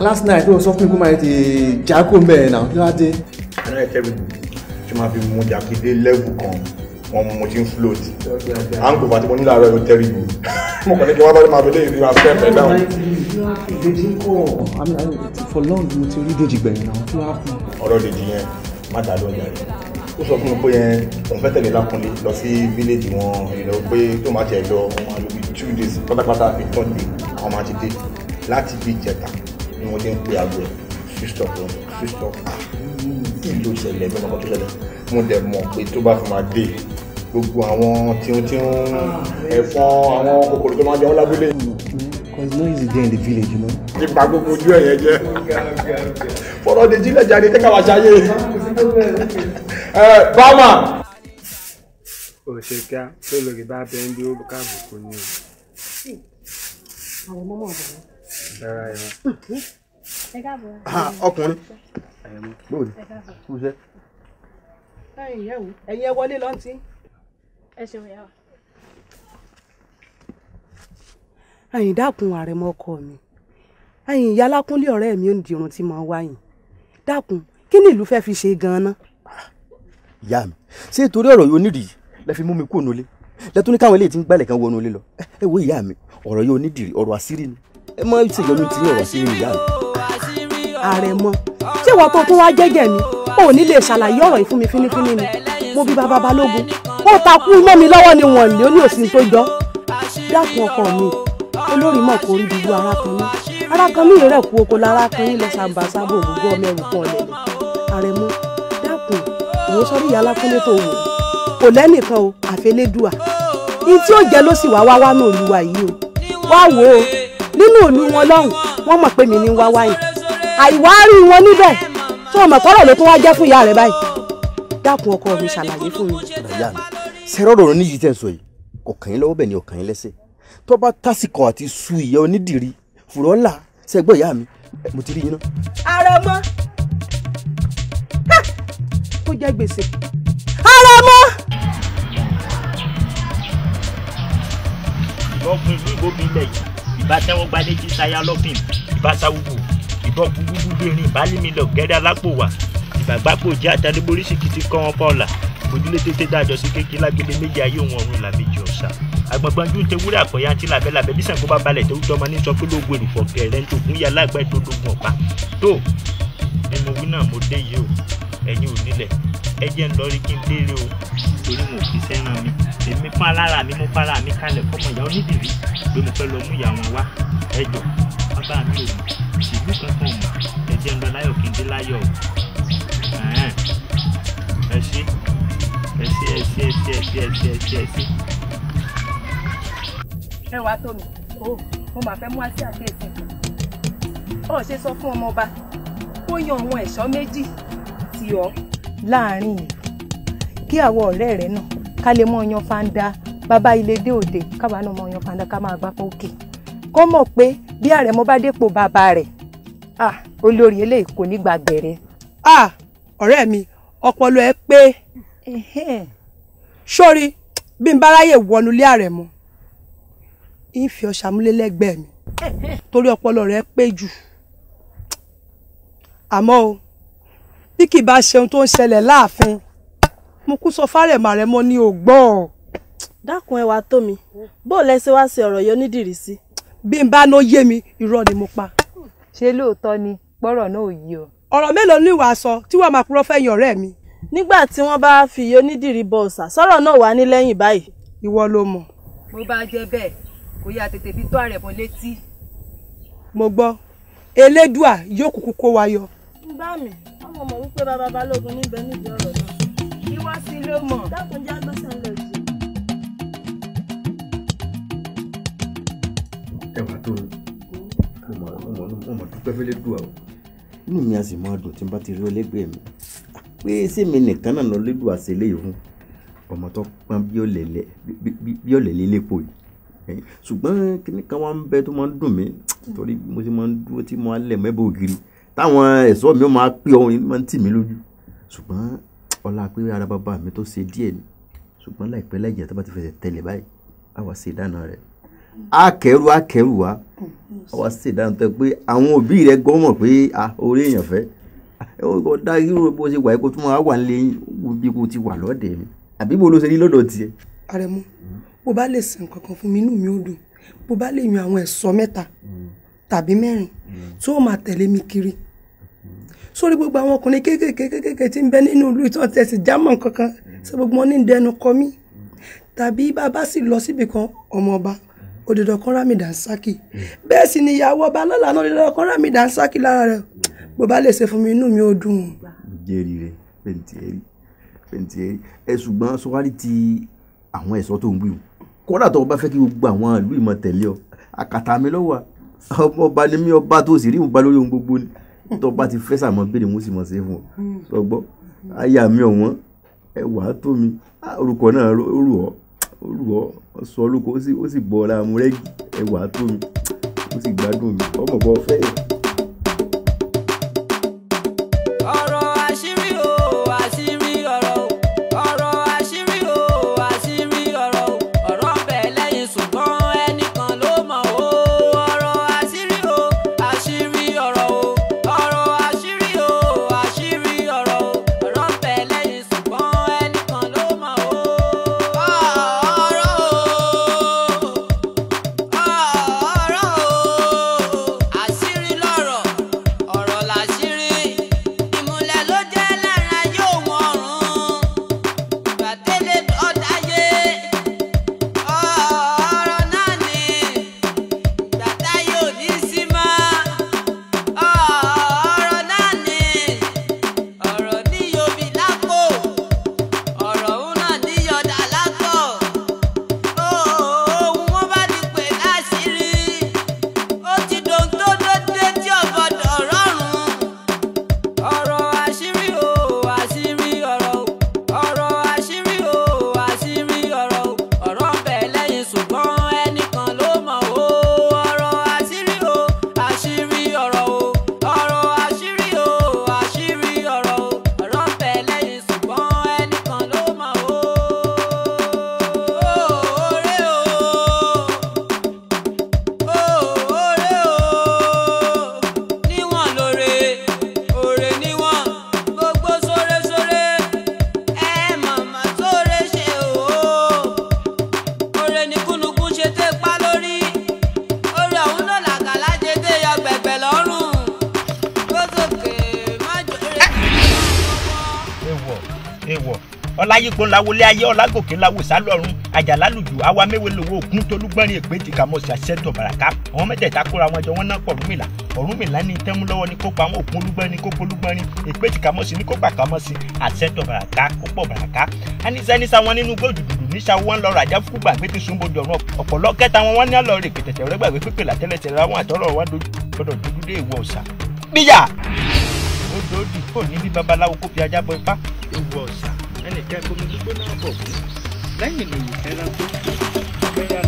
last night ó sọ fún mi kó máa ti jákò mẹ́rin náà kí ló wá dé. ẹ̀rọ ìkẹ́bi tí máa fi mú jàkídé lẹ́gùn kan wọn mo ti ń float à ń pè fàtí mo ní làárọ̀ ẹ̀rọ tẹ́rì bù mo kàn ní kí wọ́n bá máa bẹ̀lẹ̀ ìrìn àfẹ́ fẹ́ dáhùn. for long mo ti rí dèjì gbẹ̀yìn náà kí wọ́n á kún. ọ̀rọ̀ dèjì yẹn má dá lóúnjẹ rẹ̀ ó sọ fún mi pé yẹn òun fẹ́ tẹ̀lé lákùnlé lọ sí village wọn ìlọ pé tó máa tiẹ̀ lọ ọmọ àlóbi two days pátápátá ìtọ́ni àwọn máa ti dé láti bí ìjẹta ni wọ́n ti ń pè àgbo ẹ̀ fistop fistop kí ló ṣẹlẹ̀ bí ọmọ kan tó ṣẹlẹ̀ mo dẹ̀ mọ̀ pé tó bá fi máa dé gbogbo àwọn tíun tíun ah, ẹ̀fọn àwọn kòkòrò tó máa jẹun lábúlé. There's no easy there in the village, you know. Nípa gbogbo ojú ẹ̀yẹ jẹ́. Fọ̀rọ̀ Dèjì lẹ́jà ni tẹ́ka wá ṣayé. Ẹ Bámà. Òṣèkà tó lórí bá bẹ ń bí ó ká àbùkù ni o. Àwọn ọmọ mọ̀ bọ̀. Dára ẹ̀ wá. Ẹ káàbọ̀. Ah, ọkùnrin. Bóòlù. Kúṣẹ́. Ẹ̀yin ìyá wo, ẹ̀yin ẹ wọlé lọ́ntì. ẹ̀yin dákun àrẹ̀mọ ọkọ mi ẹ̀yin ìyá lákúnlé ọ̀rẹ́ mi ó ń dirun tí mo wá yìí dákun kí ni ìlú fẹ́ fi ṣe gan-an. ìyá mi ṣé torí ọ̀rọ̀ yóò nídìí lẹ fi mú mi kúrò nílé lẹ tún ní káwọn eléyìí ti ń gbálẹ̀ kan wọnú ilé lọ ẹ wo ìyá mi ọ̀rọ̀ yóò nídìí ọ̀rọ̀ àṣírí ni ẹ má ṣèjọ́nú ti ọ̀rọ̀ àṣírí ìyá mi. àrẹ̀mọ ṣé wọ́n tó tún wá jẹ́jẹ́ mi ò ní lè ṣàlàyé ọ̀rọ̀ yìí fún mi fínífíní ni mo bí baba balógun ó takú mọ́ mi lọ́wọ́ ni wọ́n lé ó ní òsì tó jọ dákun ọkọ mi olórí mọ̀ kó ń dúró arákùnrin arákùnrin rẹ̀ kú oko lárákùnrin lọ sàǹbà sábò ògùngọ́ mẹ́rù kan lẹ̀ àrẹ̀mú dákun òun sọ bí yàrá kúnlé tó wù kò lẹ́nìkan o àfẹlẹ́dùà ní tí ó jẹ́ ló sì wá wá wá náà olúwa yìí o wá wò ó nínú òní wọn lọ́hùn wọ́n mọ̀ pé mi ní wá wáyìn àìwárí wọn níbẹ̀ tó ọmọ kọ́rọ̀ ló tún wá jẹ́ fún ìyá rẹ̀ báyìí dákun ọkọ mi ṣàlàyé fún mi. ṣe rọrùn ní yìí tẹ̀ sọ yìí kò kàn yín lọ́wọ́ bẹ́ẹ̀ ni ò yín lẹ́sẹ̀ tó bá tásìkò àti su ìyá onídìrí fùrọ́là sẹ́gbọ́n ìyá mi mo ti rí yín náà. àrẹ̀mọ kó jẹ gbèsè àrẹ̀mọ. ìbọ̀kùn ìlú ìbòmí ilẹ̀ yìí ìbá gbalẹ̀ jí táyà lọ́fìn ìbá sáwùwù ìbọ̀kùn gbúgbúgbìnrin ìbálẹ̀ mi lọ gẹ́rẹ́ alápò wà ìbàgbápò jẹ́ àtàlẹ́gbóríṣìkì ti kọ́ wọn pọ̀ ojúlé tètè dájọ sí kékeré lágbèlè méjì ayé òun ọ̀run làbẹjì ọ̀sà àgbọ̀gbọ̀njú tẹ wúrẹ́ àpọ̀yá ntí làbẹ́làbẹ́ bí sàǹkó bá balẹ̀ tẹ́wútọ́ ọmọ ní sọ pé lóògùn èrùfọ̀ gẹ̀rẹ́ ntòkún yà lágbà tó dógún ọ̀pá tó ni mo náà mo dé yìí o ẹ̀yin ò nílẹ̀ ẹ jẹ́ ń lọrí kí n léèrè o torí mo fi sẹ́ràn mi èmi fún alára mi mo fara mi kalẹ̀ fọmọ ìyá onídìrí pé mo fẹ́ lọ mú ìyá wọn wá ẹ jọ bàbá mi ò mọ̀ ìlú kankan mọ̀ ẹ jẹ́ ń lọ láyọ̀ kí n dé láyọ̀ o ẹ ṣe ẹsẹ ẹsẹ ẹsẹ ẹsẹ ẹsẹ ẹsẹ ẹsẹ. ẹ wàá tó mi o mo máa fẹ́ mú wá sí àkíyèsí ọ ṣe sọ fún ọmọọba kó yan àwọn ẹ̀ṣọ́ méjì tí ọ láàrin yìí kí àwọn ọ̀rẹ́ rẹ náà ká lè mọ yan fanda bàbá ilé dé òde káwa náà mọ yan fanda ká máa gbá pókè kó mọ̀ pé bí àrẹ̀mọ bá dépò bàbá rẹ̀ ah olórí eléyìí kò ní gbàgbé ah ọ̀rẹ́ mi ọpọlọ ẹ pé sórí bí n bá ráyè wọnú ilé ààrẹ mu ìfi ọ̀sàmúlélẹ́gbẹ̀ẹ́ mi torí ọpọlọ rẹ pé jù àmọ́ o bí kì bá ṣe ohun tó ń ṣẹlẹ̀ láàfin mo kú sọ fárẹ̀mà rẹ mọ́ ní ògbọ́ dákun ẹ wá tó mi bó o lẹsẹ wá sí ọ̀rọ̀ yìí onídìrí sí. bí n bá ná yé mi irọ́ ni mo pa. ṣé lóòótọ́ ni gbọ́rọ̀ náà ò yí ọ. ọ̀rọ̀ mélòó ni ìwà sọ tí wàá máa purọ́ fẹ́yìn ọ̀rẹ́ mi nígbà tí wọ́n bá fi onídìrí bọ òòṣà sọ̀rọ̀ náà wà ní lẹ́yìn báyìí ìwọ ló mọ̀. mo bá jẹ bẹ́ẹ̀ kò yá tètè fi tó àrẹ̀mọ létí. mo gbọ́ elédùà yóò kúkú kó wa yọ. bá mi ọmọ mọ̀ wípé bàbá balógun níbẹ̀ nídìí ọ̀rọ̀ náà. kí wá sí ló mọ̀. dákúnjá gbọ́sẹ̀ lọ jù. ẹwà tó ọmọ ọmọ ọmọ dúpẹ́ fẹ́lẹ́ dùn àwọn inú mi a sì máa dùn tí n bá ti rí ọlẹ́gbẹ̀ẹ́ mi pé sèmi nìkan náà lọ lédùn àṣẹlẹ yìí fún ọmọ tó pọn bí ó lè lélẹ̀ pò yìí ṣùgbọ́n kíní kan wá ń bẹ tó máa ń dùn mí torí mo ti máa ń dúró tí mo á lẹ̀ mẹ́bọ̀ ògiri táwọn ẹ̀ṣọ́ mi máa pé ọ̀hún yìí máa ń tì mí lójú ṣùgbọ́n ọlá pé ara bàbá mi tó ṣe díẹ̀ ni ṣùgbọ́n láìpẹ́ lẹ́yìn tó bá ti fẹsẹ̀ tẹ̀lé báyìí á wá sí ìdáná rẹ̀ akẹ́rù akẹ́rù wa á wá sí ìdáná tó pé àwọn òbí rẹ̀ gbọ́ mọ̀ pé orí èèyàn fẹ́ ó dá irú bó ṣe wà kó tún máa wà nílé bí kò ti wà lọ́dẹ̀ mi àbí bó ló ṣe rí lọ́dọ̀ tiẹ̀. àrẹ̀mú bó bá lè sìn kankan fún mi inú mi ò dùn bó bá lè yan àwọn ẹ̀ṣọ́ mẹ́ta tàbí mẹ́rin tó o máa tẹ̀lé mi kiri sórí gbogbo àwọn ọkùnrin kéékèèké tí ń bẹ nínú ìlú ìtàn tẹ̀sí jámọ̀ kankan ṣé gbogbo wọn ní dẹnu kọ mí tàbí bàbá sì lọ síbi kan ọmọọba òdòdó kan rámì dànsákì bẹ́ẹ̀ sì ni ìyàwó ọba lọ́la òdòdó kan rámì lára rẹ̀ bó bá lè ṣe fún mi inú mi ò dùn. jẹ́rìí rẹ fẹ̀ǹtì ẹ̀rí fẹ̀ǹtì ẹ̀rí ẹ ṣùgbọ́n sọ́wárí ti àwọn ẹ̀ṣọ́ tó ń wí o kódà tó o bá fẹ́ kí gbogbo àwọn ìlú ìmọ̀ tẹ̀lé ọ àkàtà mi lọ́wọ́ ọmọ ọba ni mí ọba tó sì rí ìmúba lórí ohun gbogbo ni tó bá ti fẹ́ sàmọ́ béèrè wọn sì mọ̀ sí fún ọ tọgbọ́ aya mi ọ̀wọ́n ẹ wà á tó mi ah, orúkọ náà rú ọ rú ọ sọ orúkọ ó sì bọ̀ ọ́ ra amúrẹ́gì ẹ wà á tó mi ó sì gbádùn mi ọmọ bọ́ fẹ́ yẹn. ńláwọlé ayé ọlágòkè ńláwọ sálọrun àjàlá lùjù àwa mẹwẹ lówó òkun tolúgbọnrin èpè ti kàmọsí àṣẹtọ bàràká àwọn mẹ́tẹ̀ẹ̀ta kóra wọn jọ wọn náà pọ rúmìlà ọrúmìlà ní tẹmú lọ́wọ́ ní kópa àwọn òkun olúgbọnrin kópa olúgbọnrin èpè ti kàmọsí ní kópa kàmọsí àṣẹtọ bàràká kópọ bàràká anisanisa wọn nínú gbòdùdù níṣà wọn lọrọ àjáfukú gbàgbé ti sunbodò ọrùn ọpọlọ kẹta wọn wọn ní àlọ rè kẹtẹtẹ rẹ gbàgbé pípé làtẹlẹsẹ rẹ àwọn àtọrọ wọn gbọ́dọ̀ dúdú dé ìwọ ọsà. bíyà odò òdì kò ní bí babaláwo kó fi ajá bọ ipá Kaya kung hindi ko na ako, nangyayon yung herang ko. Kaya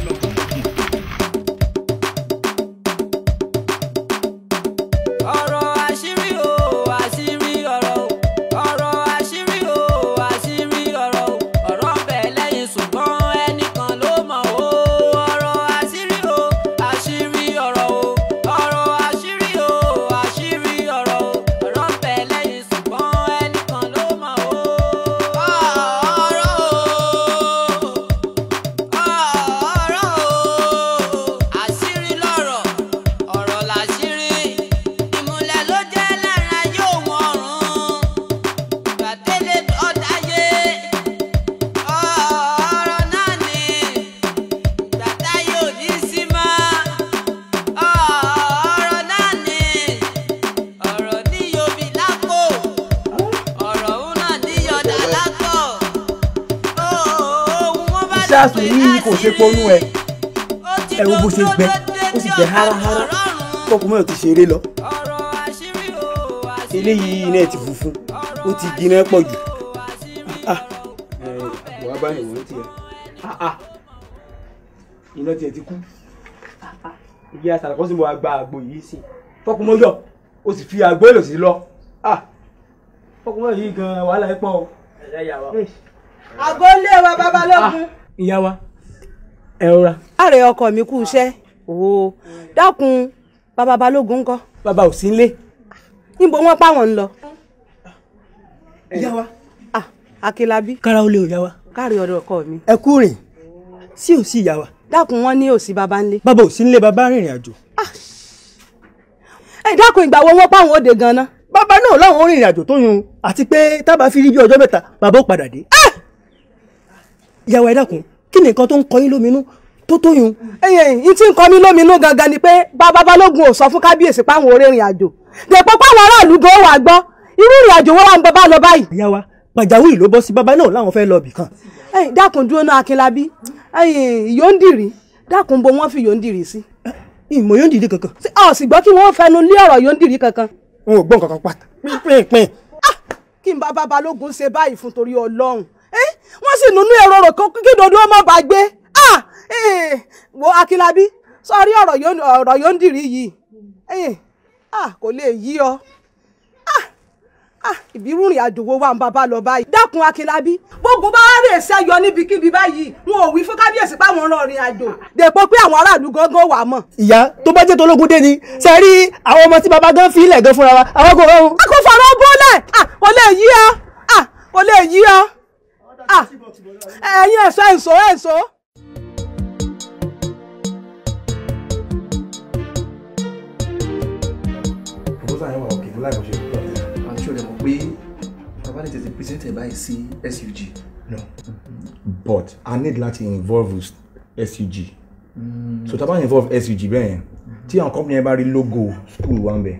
ponú ẹ ẹ̀rù bó ṣe gbẹ ó sì gbẹ háráhárá fọkùnmọ́ ti ṣeré lọ eléyìí iná ẹ̀ ti funfun ó ti gbiná pọ̀ jù. Ah. wàá bá ìwọ̀n tiẹ̀ ah, ah. iná tiẹ̀ ti kú ìyá àtàlàkọ́ mo wá gba àgbo yìí sí fọkùnmọ́ yọ ó sì fi àgbo èlò sí lọ fọkùnmọ́ yìí gan wàhálà ẹ̀ pọ̀ àgbo lé wa babalógun. ìyá wa ẹ rọra. ààrẹ ọkọ mi kú iṣẹ́ o dákun bàbá balógun ńkọ́. bàbá ò sí nílé. níbo wọn páwọn ń lọ. ìyá wa. ah akílábí. kára olè o yá wa. káàrí ọ̀dọ̀ ọkọ mi. ẹ kú rìn sí ò sí ìyá wa. dákun wọn ní òsì bàbá ńlé. bàbá ò sí nílé bàbá rìnrìn àjò. ẹ dákun ìgbà wo wọn páwọn òde ganan. bàbá náà láwọn rìnrìn àjò tó yun àti pé tá a bá fi rí bí ọjọ́ mẹ́ta bàbá ò padà dé. ìyá wa ẹ dákun kí ni nǹkan tó ń kọ yín lóminú tó tó yun. ẹyìn yìí tí ń kọ mí lóminú gangan ni pé bàbá balógun ò sọ fún kábíyèsí páwọn orí ìrìn àjò dèpò páwọn aráàlú gan wà gbọ́ irú ìrìn àjò wọn wà ń bàbá lọ báyìí. ìyá wa pàjáwìrì ló bọ́ sí bàbá náà láwọn fẹ́ lọ bì kan. ẹyìn dákun dúró náà akínlábí ẹyìn yóǹdìrí dákun bo wọn fi yóǹdìrí sí. ìmọ̀ yóǹdìrí kankan. ọ̀ sì gbọ́ kí wọ́n fẹnu lé ọ̀rọ̀ yóǹdìrí kankan. n ò gbọ́ nǹkan kan pàtàkì pínpín. Ah! kí n bá bàbá balógun ṣe báyìí fún torí ọlọ́run Eh? wọ́n sì nùnú ẹ̀rọ rò kí dodo má bàa gbé ah! eh! wo Akínlábí sọrí ọ̀rọ̀ yóò ń dìrí yìí eh! ah! kò lè yí ọ ah! ìbírùnrìn àjò wo wà ń bàbá lọ báyìí. dákun Akínlábí gbogbo bá rè sẹyọ níbikíbi báyìí wọn ò wí fún kábíyèsí páwọn ọ̀rọ̀ rìn àjò dèpọ̀ pé àwọn aráàlú gangan wà mọ̀. ìyá tó bá jẹ́ tó lógún dé ni ṣe rí àwọn ọmọ tí baba gan fi ilẹ̀ gan fúnra wa àwọn kò rọrùn. a kò fọ̀rọ̀ bólẹ̀ kò lè yí ọ kò lè yí ọ. Ah, ẹ̀yin ẹ̀sọ́ ẹ̀sọ́ ẹ̀sọ́. ìbúsà yẹn wà òkè ní láì bọ́sẹ̀ ìbúsà yẹn. àti ṣọlẹ̀ mọ̀ pé bàbá lè tètè pèsè báyìí sí SUG. no but i need láti involve SUG mm. so tá a bá involve SUG bẹ́ẹ̀ yẹn hmm. tí àwọn company yẹn bá rí logo school wa ń bẹ̀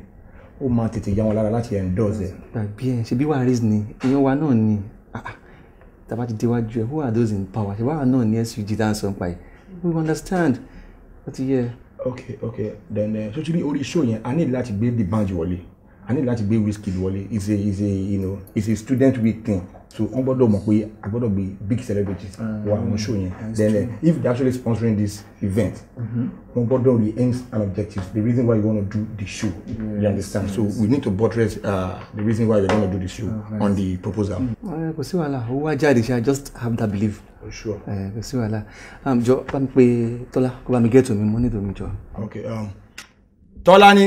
ó máa tètè yá wọn lára láti endorse ẹ̀. gbàgbé ẹ ṣe bí wàá reason ni ìyẹn wa náà ni tàbá ti déwájú ẹ who are those in power ṣe báwa náà ní SUG tá à ń sọ nípa yìí we understand ó ti yẹ. ok ok then ṣé eh, tí ní orí show yẹn a ní láti gbé the band wọlé a ní láti gbé Wizkid wọlé it's a it's a you know it's a student week thing so wọn gbọ́dọ̀ mọ̀ pé a gbọ́dọ̀ gbé big celebrities ah, wọ àwọn show yẹn then uh, if they actually sponsoring this event mm-hmm. wọn gbọ́dọ̀ the end, and objectives the reason why you wanna do the show yes, you understand yes. so we need to buttress uh, the reason why you wanna do the show oh, ah, right. on the proposal. Eh, kò sí wàhálà owó ajá àdìsí i just have that belief. Oh, eh, kò sí wàhálà um, jọ bá mi pe tọ́lá kó bá mi gẹ́tò mi mọ́ nítorí mi jọ. tọ́lá ni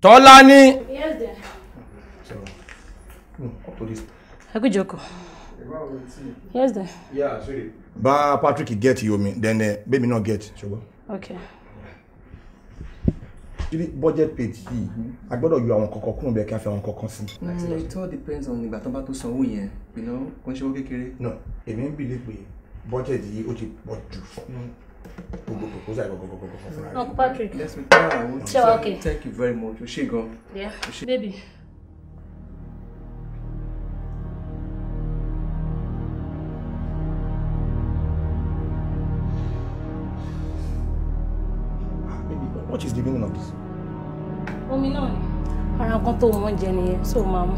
tọ́lá ni. yes dear police. Haku Joko. Yes, then. Yeah, sorry. But Patrick get you me, then uh, baby not get. Sure. Okay. Actually, budget page yìí, a gbọ́dọ̀ yọ àwọn kọ̀ọ̀kan kúrò bẹ́ẹ̀ kí a fi àwọn kọ̀ọ̀kan It all depends on the tó bá tó sanwó you know, kò ń ṣe owó kékeré. No, èmi ń bìlẹ̀ pé budget yìí ó ti pọ̀ no, mm. gbogbo proposal gbogbo gbogbo gbogbo fúnra rẹ. uncle patrick ṣe wa ok thank you very much o go. Yeah. baby. nǹkan tó mọ̀ jẹ nìyẹn so máa mú.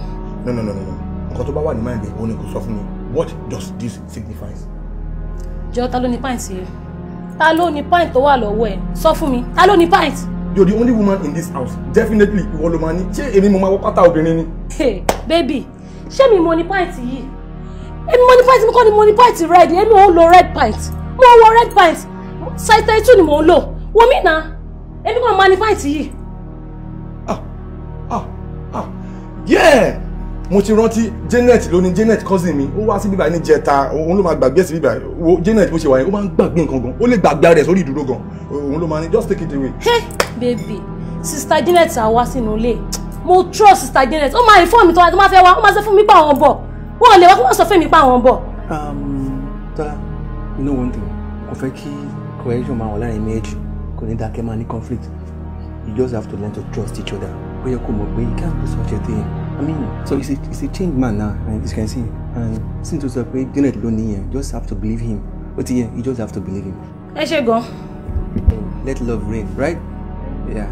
no no no no nǹkan tó bá wà ní mind ẹ̀ o ní kò sọ fún mi what does this signify. jọ ta ló ní pint yìí ta ló ní pint tó wà lọ́wọ́ ẹ̀ sọ fún mi ta ló ní pint. you are the only woman in this house definitely ìwọ ló máa ní ṣé èmi mo máa wọ pátá obìnrin ni. baby ṣé mi mo ní pint yìí èmi mo ní pint mi kọ́ ni mo ní pint red èmi ò ń lo red pint mo wọ red pint size thirty two ni mo ń lò wọ́n mi nà èmi kò máa ní pint yìí. yeah mo ti rántí Janet ló ní Janet cousin mi ó wá sí bíbá ní jẹta òun ló máa gbàgbé sí bíbá wo Janet bó ṣe wà yẹn ó máa ń gbàgbé nǹkan gan ó lè gbàgbé rẹ̀ sórí ìdúró gan òun ló máa ní just take it away. hey baby sister Janet á wá sínú ilé mo trust sister Janet ó máa inform mi tó wá tó máa fẹ́ wá ó máa sọ fún mi pa àwọn bọ̀ wọn ò lè wá kó máa sọ fún mi pa àwọn bọ̀. tọ́lá um, you know one thing kò fẹ́ kí correction máa wà láàrin méjì kò ní dákẹ́ máa ní conflict you just have to learn to trust each other ó yẹ mọ̀ pé you can't do such a thing i mean so he's a, a changed man now and you can see and since o sọ pé janet ló ní yẹn just have to believe him ó ti yẹ you just have to believe him. ẹ ṣe gan. let love rain, right yeah.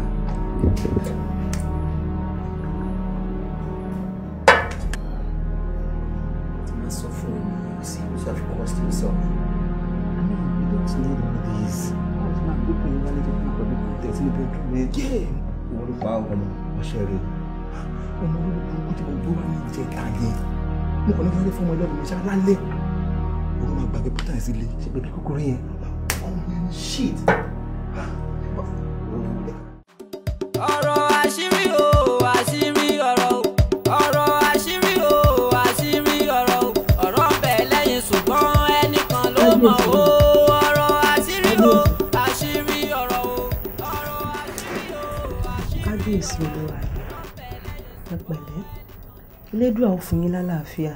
Yeah. What about them? Um, ṣe rè ọmọ olórí burúkú tí gbogbo wa ní ìjẹta yẹn mo kàn ní fẹ́ẹ́ fọmọ ẹlẹ́rìí mi ṣá lálẹ́ òun máa gbàgbé pátá yẹn sílé ṣe bèbí kúkúrú yẹn ọmọ yẹn shit. ọ̀rọ̀ àṣírí o àṣírí ọ̀rọ̀ o ọ̀rọ̀ àṣírí elédùà ó fún yín lálàáfíà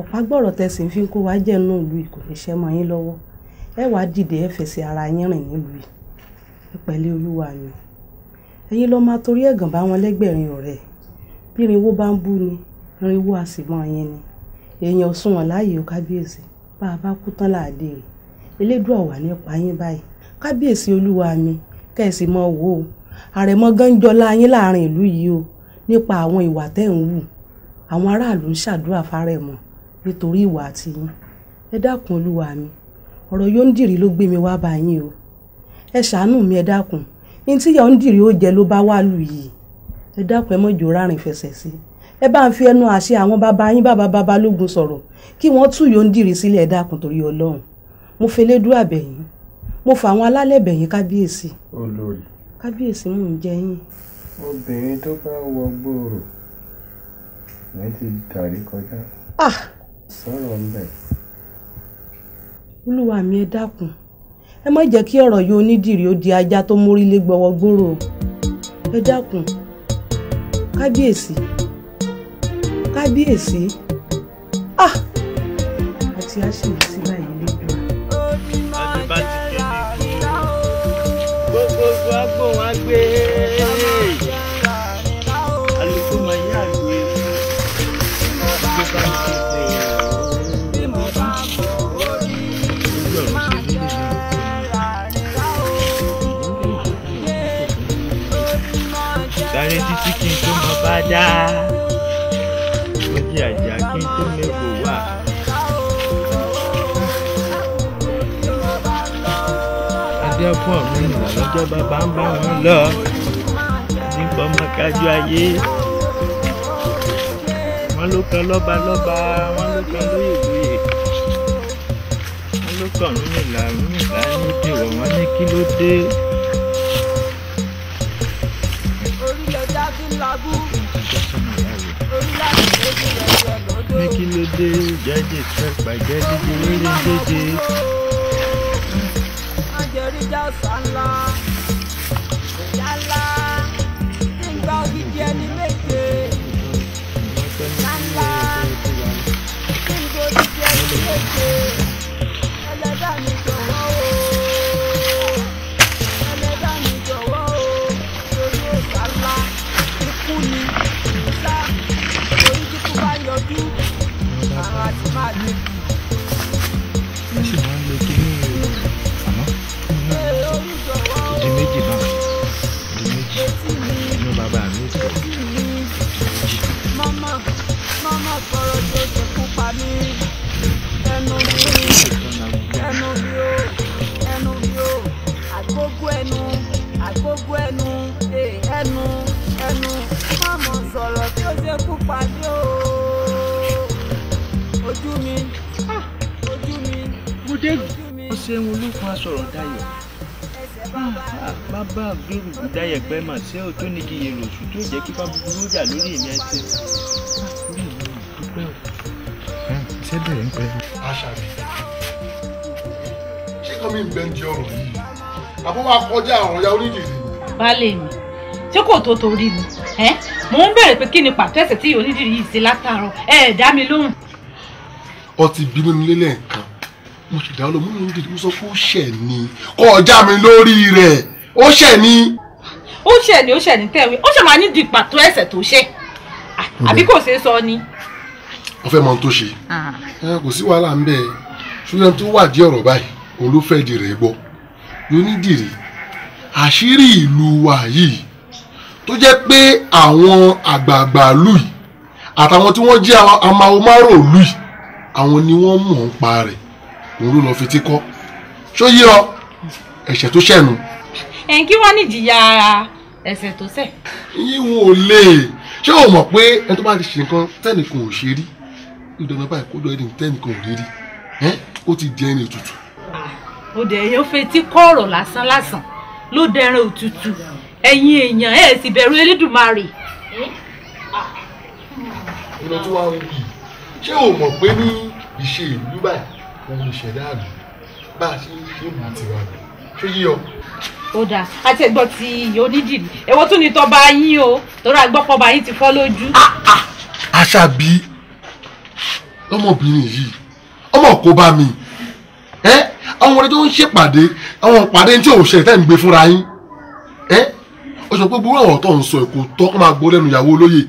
ọ̀pá gbọ́rọ̀ tẹ̀sí fi ń kó wa jẹ́ inú ìlú yìí kò ní ṣe mọ́ yín lọ́wọ́ ẹ wàá dìde ẹ fẹsẹ̀ ara yín rìn nílùú yìí ẹ pẹ̀lẹ́ olúwa mi ẹ̀yin lọ́ọ́ máa torí ẹ̀gàn bá wọn lẹ́gbẹ̀rin ọ̀rẹ́ bí irinwó bá ń bú ni irinwó a sì mọ yín ni èèyàn sùn wọn láàyè ó kábíyèsí bá a bá kú tán láàdé rẹ̀ elédùà wà nípa yín báyìí kábíyèsí olúwa mi kẹ́ẹ̀sì mọ́ wò ó àrẹ̀mọ gánjọ́lá yín láàrin ìlú yìí o nípa àwọn ìwà tẹ́ ń wù àwọn aráàlú ń ṣàdúrà fárẹ̀mọ̀ nítorí ìwà àti yín ẹ dákun olúwa mi ọ̀rọ̀ yóò ń dìrí ló gbé mi wá bá yín o ẹ ṣàánú mi ẹ dákun ní tí yóò ń dìrí ó jẹ ló bá wà lù yìí ẹ dákun ẹ mọ̀jọ́ rárin fẹsẹ̀ sí ẹ bá ń fi ẹnu àṣẹ àwọn bàbá yín bàbá babalógun sọ̀rọ̀ kí wọ́n tú yóò ń dìrí sílẹ̀ ẹ dákun torí ọlọ́run mo felédú àbẹ̀yìn mo fà àwọn alálẹ̀ bẹ̀yìn kábíyèsí olórí kábíyèsí mò ń jẹ yín. obìnrin tó bá wọ ìyẹn ti dàrí kọjá. Ah! sọ̀rọ̀ ń bẹ̀. olúwa mi ẹ dákun ẹ má jẹ́ kí ọ̀rọ̀ yìí onídìrí ó di ajá tó mórí lé gbọ́wọ́ gbòòrò ẹ dákun kábíyèsí kábíyèsí ah! àti àṣìlè sí báyìí lójú àti bá ti kéde gbogbo gbogbo agbóhùn gbé títí kí n tó mọ bá dá lójú àjà kí n tó mẹ́kọ̀ọ́ wà. adé fún ọ̀run ìlà lọ́jọ́ bàbá ń bá wọn lọ nípa ọmọ kájú ayé wọn ló kan lọ́ba lọ́ba wọn ló kan lóyè lóyè wọn ló kàn ń ìlà ń ìlà ń dèwọ̀ ní kí ló dé. ní kí ló dé jẹ́jẹ́ tẹ́pà jẹ́jẹ́ jẹ́jẹ́ jẹ́jẹ́. ajẹ́rìíjà sá ńlá. dégùn ó ṣeun olókun asọ̀rọ̀ dayọ̀ ah, ah, bàbá gbẹrùgbù dayọ̀ pẹ́ mà ṣé o tó nígi yèrò oṣù tó jẹ́ kí bá búburú jà lórí èmi ẹsẹ̀ ah, ṣé bẹ̀rẹ̀ ń pẹ́. àṣà mi ṣé kọ́mí ń gbẹ́njẹ ọ̀rọ̀ yìí àbúrò akọjá ọ̀rọ̀ ya onídìrí. baálé mi ṣé kò tó torí mi mò ń béèrè pé kí ni pàtó ẹ̀ṣẹ̀ tí onídìrí yìí ṣe látàárọ̀ ẹ dá mi lóhùn. ọtí bímọ nílé lẹ́ẹ̀kan mo ti dá olómi lórí gidi mo sọ pé ó ṣẹ̀ ni kọjá mi lórí rẹ̀ ó ṣẹ̀ ni. ó ṣẹ̀ ni ó ṣẹ̀ ni tẹ̀wé ó ṣẹ̀ máa ní di pàtó ẹ̀ṣẹ̀ tó ṣẹ̀ àbí kò ṣeé sọ ni. wọ́n fẹ́ mọ ohun tó ṣe ah. kò sí wàhálà ń bẹ ṣùgbọ́n tó wà dí ọ̀rọ̀ báyìí olúfẹ́dì rẹ̀ gbọ́ onídìrí àṣírí ìlú wa yìí tó jẹ́ pé àwọn àgbààgbà lù àtàwọn tí wọ́n jẹ́ amáwòmárò lù yìí àwọn ni wọ́n mọ̀ ń pa rẹ̀ òru lọ fi ti kọ́ ṣó yí ọ ẹ̀ṣẹ̀ tó ṣẹ̀ nu. ẹ̀ kí wọ́n ní ìjìyà ẹ̀ṣẹ̀ tó ṣẹ̀. yíwọ ò lè ṣé o mọ̀ pé ẹni tó bá ti ṣe nǹkan tẹ́nìkan ò ṣe rí ìdáná báyìí kó lọ ẹni tẹ́nìkan ò rí rí ó ti di ẹni òtútù. ó dẹ̀ yóò fetí kọ́ọ̀rọ̀ lásán lásán ló dẹrẹ òtútù ẹ̀yin èèyàn ẹ̀ sì bẹ̀rù Elédùmarè. ìlọtí wa ń bì ṣé o mọ̀ pé ní ìṣe ìlú báyìí òun ìṣẹ̀dá mi bá a ṣe ń ṣe mọ́ tiwa mi ṣé yí ọ. ó dáa àti ẹ̀gbọ́n ti onídìrí èwo tún ni tọba yín o torí àgbọ̀pọ̀ba yín ti fọ́ lójú. àṣàbí ah, ah. lọ́mọbìnrin yìí ọmọ kò bá mi ẹ àwọn ọmọdé tó ń ṣèpàdé àwọn ìpàdé tí òṣèlú tẹ́ ń gbé fúnra yín ẹ ọ̀sán pé gbogbo àwọn tó ń sọ èkó tó máa gbó lẹ́nu ìyàwó olóyè.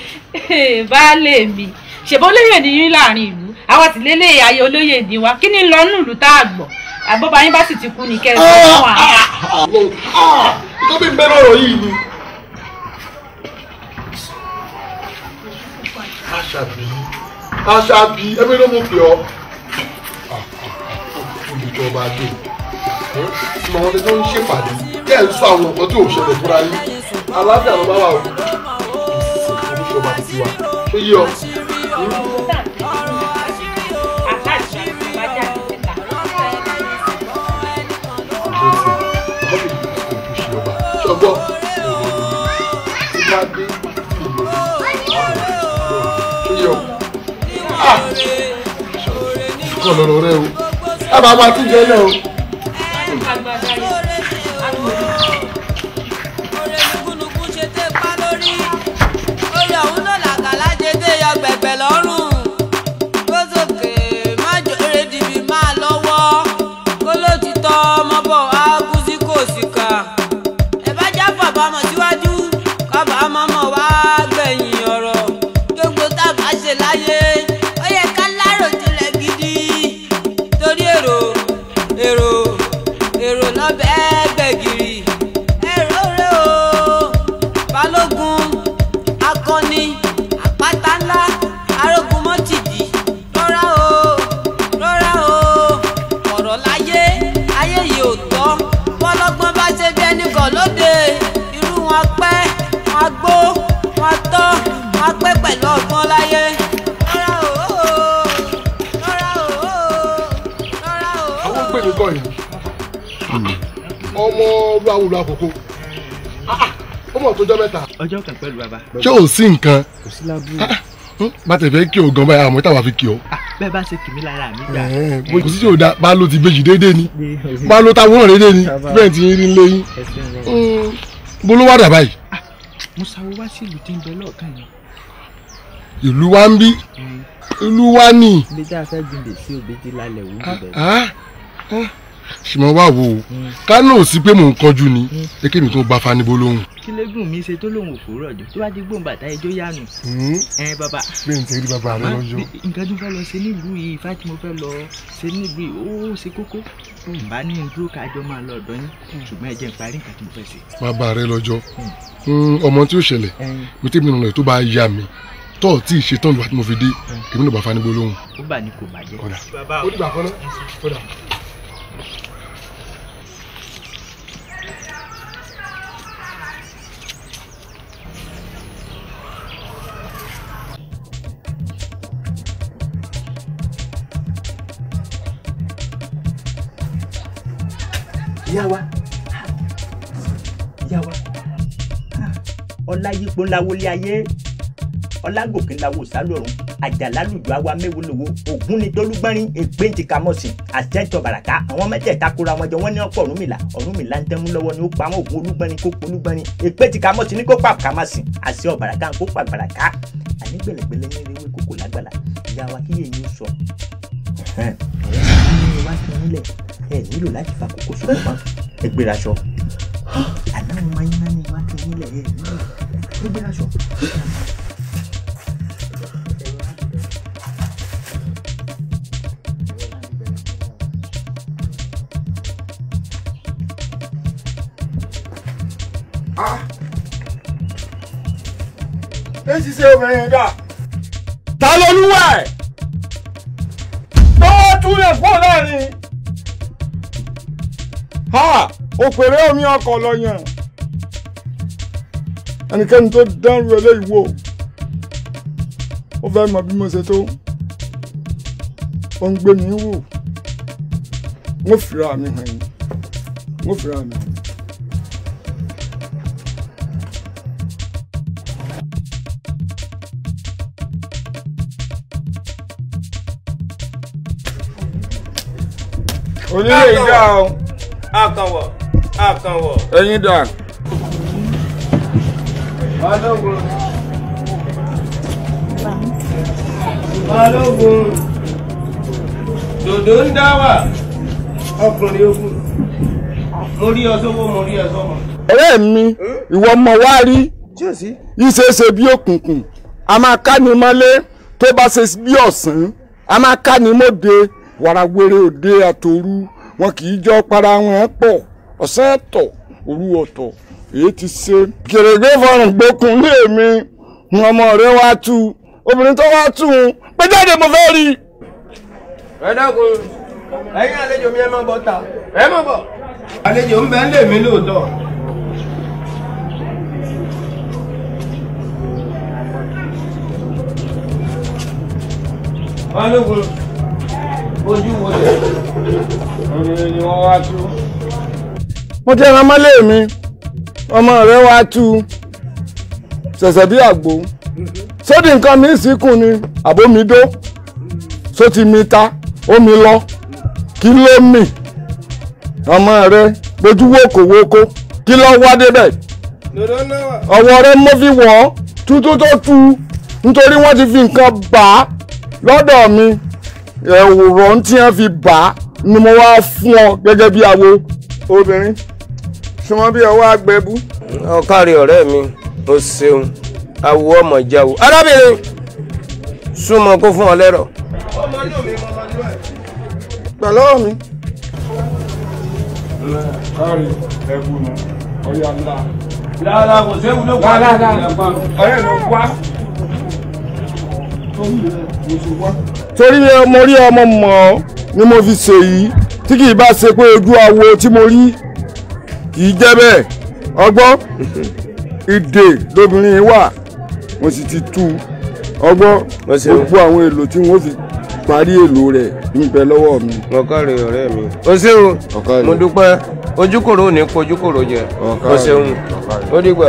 baálé mi ṣèbó lóyè nìyí láàrin ìlú àwa ti lélẹ̀ ayé olóyè èdè wa kí ni lọ nùlù tá a gbọ́ àbọ̀bá yín bá sì ti kú ní kẹsàn án fún wa. tóbi ń bẹ lọ́rọ̀ yìí ni. aṣàbí aṣàbí ẹbí ló mú pè ọ olùjọba dé ọmọ ọdún tó ń ṣèpàdé kí ẹ sọ àwọn ọkọ tí ò ṣẹlẹ̀ fúnra yín aláàbí àwọn bá wà ó ìsìn olùjọba ti wà ṣé yí ọ. kàn lọ́rọ̀ rẹ o ẹ bá máa tún jẹ o. ra kókó ah, ah, ó mọ̀ tójọ́ mẹ́ta. ọjọ́ kan pẹ̀lú bàbá. ṣé ò sí nǹkan. kò sí lábúrò. Ah, hmm, má tẹ̀ fẹ́ kí o gan báyà àmọ́ ìtàwá fi kí o. bẹ́ẹ̀ bá ṣe kì mí lára mi gbà. Eh, kò sí tí o da bá lo ti bejì déédéé ni bá lo táwọn déédéé ni bẹ́ẹ̀ ti rí lé yín. Hmm, bó ló wà dà báyìí. mo sáwó wá sí ìlú tí ń bẹ lọ́ọ̀kan yẹn. ìlú wa ń bí hmm. ìlú wa ni. bí tá a fẹ́ gbìndè ṣùgbọ́n wà wò ó hmm. kánò sí pé mò ń kánjú ni èké hmm. mi tó bá fanibó lóhùn. kílégùn mi ṣe tó lóhùn òfò rọ̀jò tó bá di gbóhùn bàtà ẹjọ́ yánu. Hmm. ẹ bàbá bí n ti rí bàbá rẹ lọ́jọ́. nǹkan tó fẹ́ lọ ṣe nílùú yìí ifá tí mo fẹ́ lọ ṣe nílùú yìí ó ṣe kókó bá ní dúró kájọ máa lọ ọ̀dọ̀ yín ṣùgbọ́n ẹ jẹ́ n parí nǹkan tí mo fẹ́ ṣe. bàbá rẹ lọ́jọ́ ọmọ tí ó ṣẹlẹ̀ tọ́ ọ̀ tí ì ṣetán ìgbà tí mo fi dé èmi náà bá fanigbó lóhùn. ó bà ní kò bàjẹ́. ó dà ó dìgbà kan ìyá wa ìyá wa ọláyípo ńláwó lé ayé ọlágòkè ńláwó sálọ̀run àjàlálùjọ àwa mẹ́wòó lówó ògún ni tólúgbọ́nrín ègbé ti kamọ̀sìn àtẹ́jọ bàràká àwọn mẹ́tẹ̀ẹ̀ta kóra wọn jọ wọ́n ní ọ̀pọ̀ ọ̀rúnmìlà ọ̀rúnmìlà ń tẹ́mú lọ́wọ́ ni ó pa àwọn ògún olúgbọ́nrín kó polúgbọ́nrín ègbé ti kamọ̀sìn ní kó pa kamọ̀sìn àṣẹ ọ̀bàràká ń kó pa bàràká àní gbẹ̀lẹ̀gbẹ̀lẹ̀ ní ewé kòkò lágbàlá ìyá wa kíyè yín sọ bá fi wọn nílẹ̀ ẹ nílò láti fa kókó sọ̀rọ̀ ẹ gbéra aṣọ àná àwọn ọmọ yín ni wọ́n á fi nílẹ̀ ẹ nílò ẹ gbéra aṣọ. Ah! ṣiṣẹ́ obìnrin dà. ta lolúwa ẹ̀ fún náà ni. ha òpèrè omi ọkọ̀ lọ yàn ẹnikẹ́ni tó dánrú eléyìí wò ó fẹ́ mọ bí mo ṣe tó ó ń gbé mi wò mo fìrà mi hàn yín mo fìrà mi hàn yín. onílé ìdá o. àkànwọ̀ àkànwọ̀. ẹyin dà. balógun. balógun. dòdò ń dá wà ọkùnrin ogun mo rí ọ sówó mo rí ọ sọmọ. ọ̀rẹ́ mi ìwọ ọmọ wa rí ìṣeéṣe bí òkùnkùn a máa ká ni mọ́lé tó bá ṣe bí ọ̀sán a máa ká ni mọ́de. warawere òde àtòru wọn kì í jọ para wọn pọ ọ̀sán ẹ̀tọ̀ òru ọ̀tọ̀ èyí ti ṣe. kèrègbè fọrùn gbókun lé mi ọmọ rẹ wá obìnrin tó wá tú un pé jáde mo fẹ́ rí ẹ dákun àlejò mi bọ̀ ta ẹ máa ojú wo lè òrèrè ni wọ́n wá tú. mo ti ran mọ́lé mi ọmọ rẹ̀ wá tú ṣẹ̀ṣẹ̀ bí àgbo sódì nǹkan mi síkùn ni àbómidó sóti mi ta omi lọ kí ló mì ọmọ rẹ̀ gbójú wókòwókò kí ló wá débẹ̀ ọwọ́ rẹ̀ mo fi wọ̀ tútú tó tu nítorí wọ́n ti fi nǹkan bà á lọ́dọ̀ mi ẹ̀wòrán tí wọ́n fi bà á ni mo wá fún ọ gẹ́gẹ́ bí awo obìnrin ṣe wọ́n bí ọwọ́ agbẹ́bú. ọ̀kárí ọ̀rẹ́ mi ó ṣeun awo ọmọ ìjáwó arábìnrin súnmọ́ kó fún ọ lẹ́rọ̀. ọmọ inú mi mo ẹ̀bù nù ọ̀yà ńlá. lára kò séwu ló kọ́ ọ̀rẹ́ mi wá torí eh, mo rí ọmọ mọ̀ ni mo fi ṣe yìí tí kì í bá ṣe pé ojú awo tí mo rí kì í jẹ́ bẹ́ẹ̀ ọgbọ́n ìdè lóbìnrin wà mo sì ti tú ọgbọ́n gbogbo àwọn èlò tí wọ́n fi parí èlò rẹ̀ ń bẹ lọ́wọ́ mi. ọ̀kàrẹ̀ ọ̀rẹ́ mi. o ṣeun mo dúpẹ́ ojúkòrò ò ní kojú jẹ o ṣeun ó dìgbà.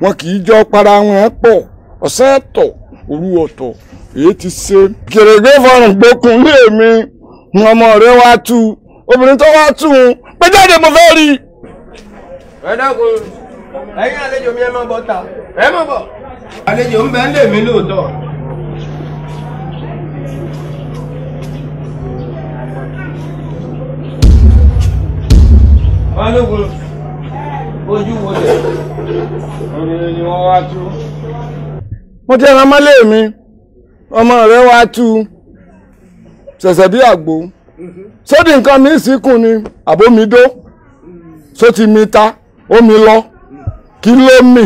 wọn kì í jọ para wọn pọ ọ̀sẹ̀ ẹ̀tọ̀ òru ọ̀tọ̀ èyí ti ṣe. gèrègbè fọrùn gbókun lé mi ọmọ rẹ wá obìnrin tó wá tú un pé jáde mo fẹ́ rí. ẹ dákun àlejò bọ̀ ta ẹ máa àlejò ń ojú wo onílé ni wọ́n wá tú. mo ti ran mọ́lé mi ọmọ rẹ̀ wá tú ṣẹ̀ṣẹ̀ bí àgbo sódì nǹkan mi síkùn ni àbómidó só ti mi ta omi lọ kí ló mì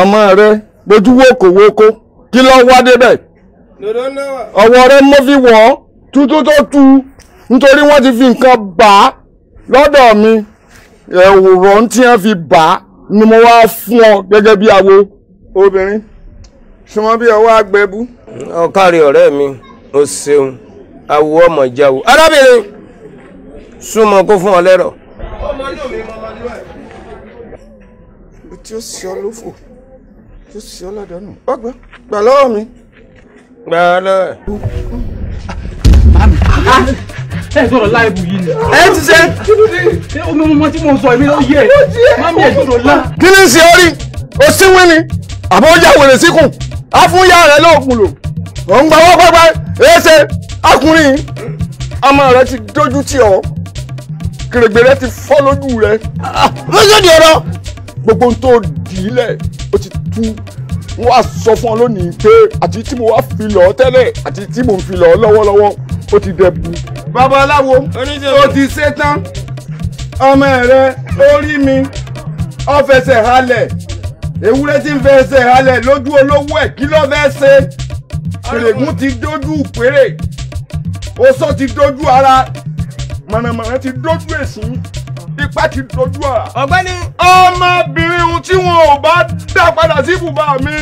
ọmọ rẹ̀ lójú wókòwókó kí ló wá débẹ̀ ọwọ́ rẹ̀ mo fi wọ̀ ọ́ tútú tó tu nítorí wọ́n ti fi nǹkan bà á lọ́dọ̀ mi ẹ̀wòrán tí wọ́n fi bà á ni mo wá fún ọ gẹ́gẹ́ bí awo obìnrin súnmọ́ bí ọwọ́ agbẹ́bú. ọ̀kárí ọ̀rẹ́ mi o ṣeun awo ọmọ ìjáwó arábìnrin súnmọ́ kó fún ọ lẹ́rọ̀. ọmọ inú mi mọ ọmọdé wà. tí ó sì ọ lófò tí ó sì ọ ládàánù ọgbà gbà lọ́wọ́ mi. gbà lọ́wọ́ ẹ sọ̀rọ̀ láìbù yìí ni. ẹ ti ṣe. omi mímọ́ tí mo sọ èmi ló yẹ mami ẹ sọ̀rọ̀ la. kí ni ṣe orí o síwìn ni àbọ̀ ó yà wèrè síkùn á fún yá rẹ lóògùn lò ò ń gbàwọ́ pápá èé ṣe ọkùnrin ọmọ rẹ ti dójú tì ọ́ kèrègbè rẹ ti fọ́ lójú rẹ. lọ́sọ̀dì ọ̀rọ̀ gbogbo ń tó dì í lẹ̀ ó ti tú n wá sọ fún ọ lónìí pé àti tí mo wá fi lọ tẹ́lẹ̀ àti tí mo fi lọ lọ́wọ́lọ́wọ́ ó ti dẹ̀kun. babaláwo ó ti ṣetán ọmọ rẹ orí mi ó fẹsẹ̀ halẹ̀ ewúrẹ́ tí ń fẹsẹ̀ halẹ̀ lójú olówó ẹ̀ kí ló fẹ́ ṣe pèrègùn ti dójú péré oṣó ti dójú ara mọ̀nàmọ̀nà ti dójú èsùn ipá ti dojú ọ̀rá. ọ̀gbẹ́ni. ọmọbìnrin tí wọn ò bá dá padà sí ibùba mi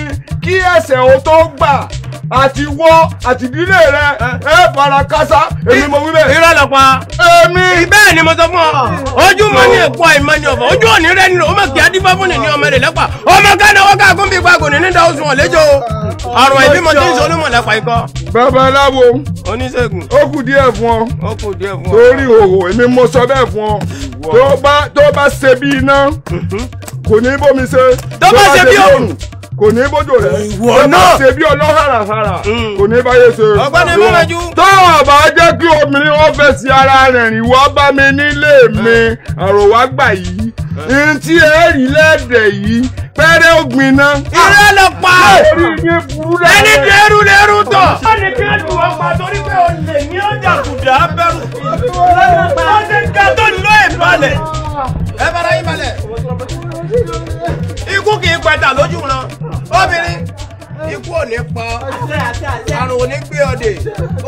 kí ẹsẹ̀ ò tó gbà àti wọ́ àti ìdílé rẹ ẹ fara kásá èmi mo wí bẹ́ẹ̀. irọ́ lọ pa. èmi. bẹ́ẹ̀ ni mo sọ fún ọ ojú mọ ní èpo àìmọ ní ọ̀fọ̀ ojú òní rẹ nílò ọmọ kìí adífá fún ní ọmọ rẹ lẹ́pà ọmọ kánáwó káàkó ń bí ipa gòní nídàá oṣù wọn ọ̀rọ̀ ìbímọ tí ń sọ olúmọ̀ ikọ́ babaláwo oníṣègùn ó kù díẹ̀ fún ọ ó kù díẹ̀ fún ọ torí òwò èmi mo sọ bẹ́ẹ̀ fún ọ tó bá tó bá ṣe bí iná mhm. kò ní bómi ṣe tó bá ṣe bí òrùn kò ní bójú rẹ̀ ìwọ náà ṣe bí ọlọ́hàràhàrà mm. kò ní báyé ṣe rẹ̀. ọgbẹ́ni mọ́lájú. tó o bá jẹ́ kí obìnrin wọn fẹ́ sí ara rẹ̀ rìn wá bá mi nílé mi mm. àrò gbà yìí mm. n tí ẹ rí lẹ́dẹ̀ yìí pẹ́rẹ́ ògbìn náà. irẹ́ ah! lọ pa ẹni tí ẹrú lẹ́rú tọ̀. ọ̀nì kí ẹ lù ọ̀pá torí pé o lè ní ọjà kùdà bẹ̀rù kì í. ọ̀nì tó lọ ìbalẹ̀. ẹ bára yín balẹ̀ ikú kì í pẹ̀tà lójú ran obìnrin ikú ò ní pa àrùn ò ní gbé ọdẹ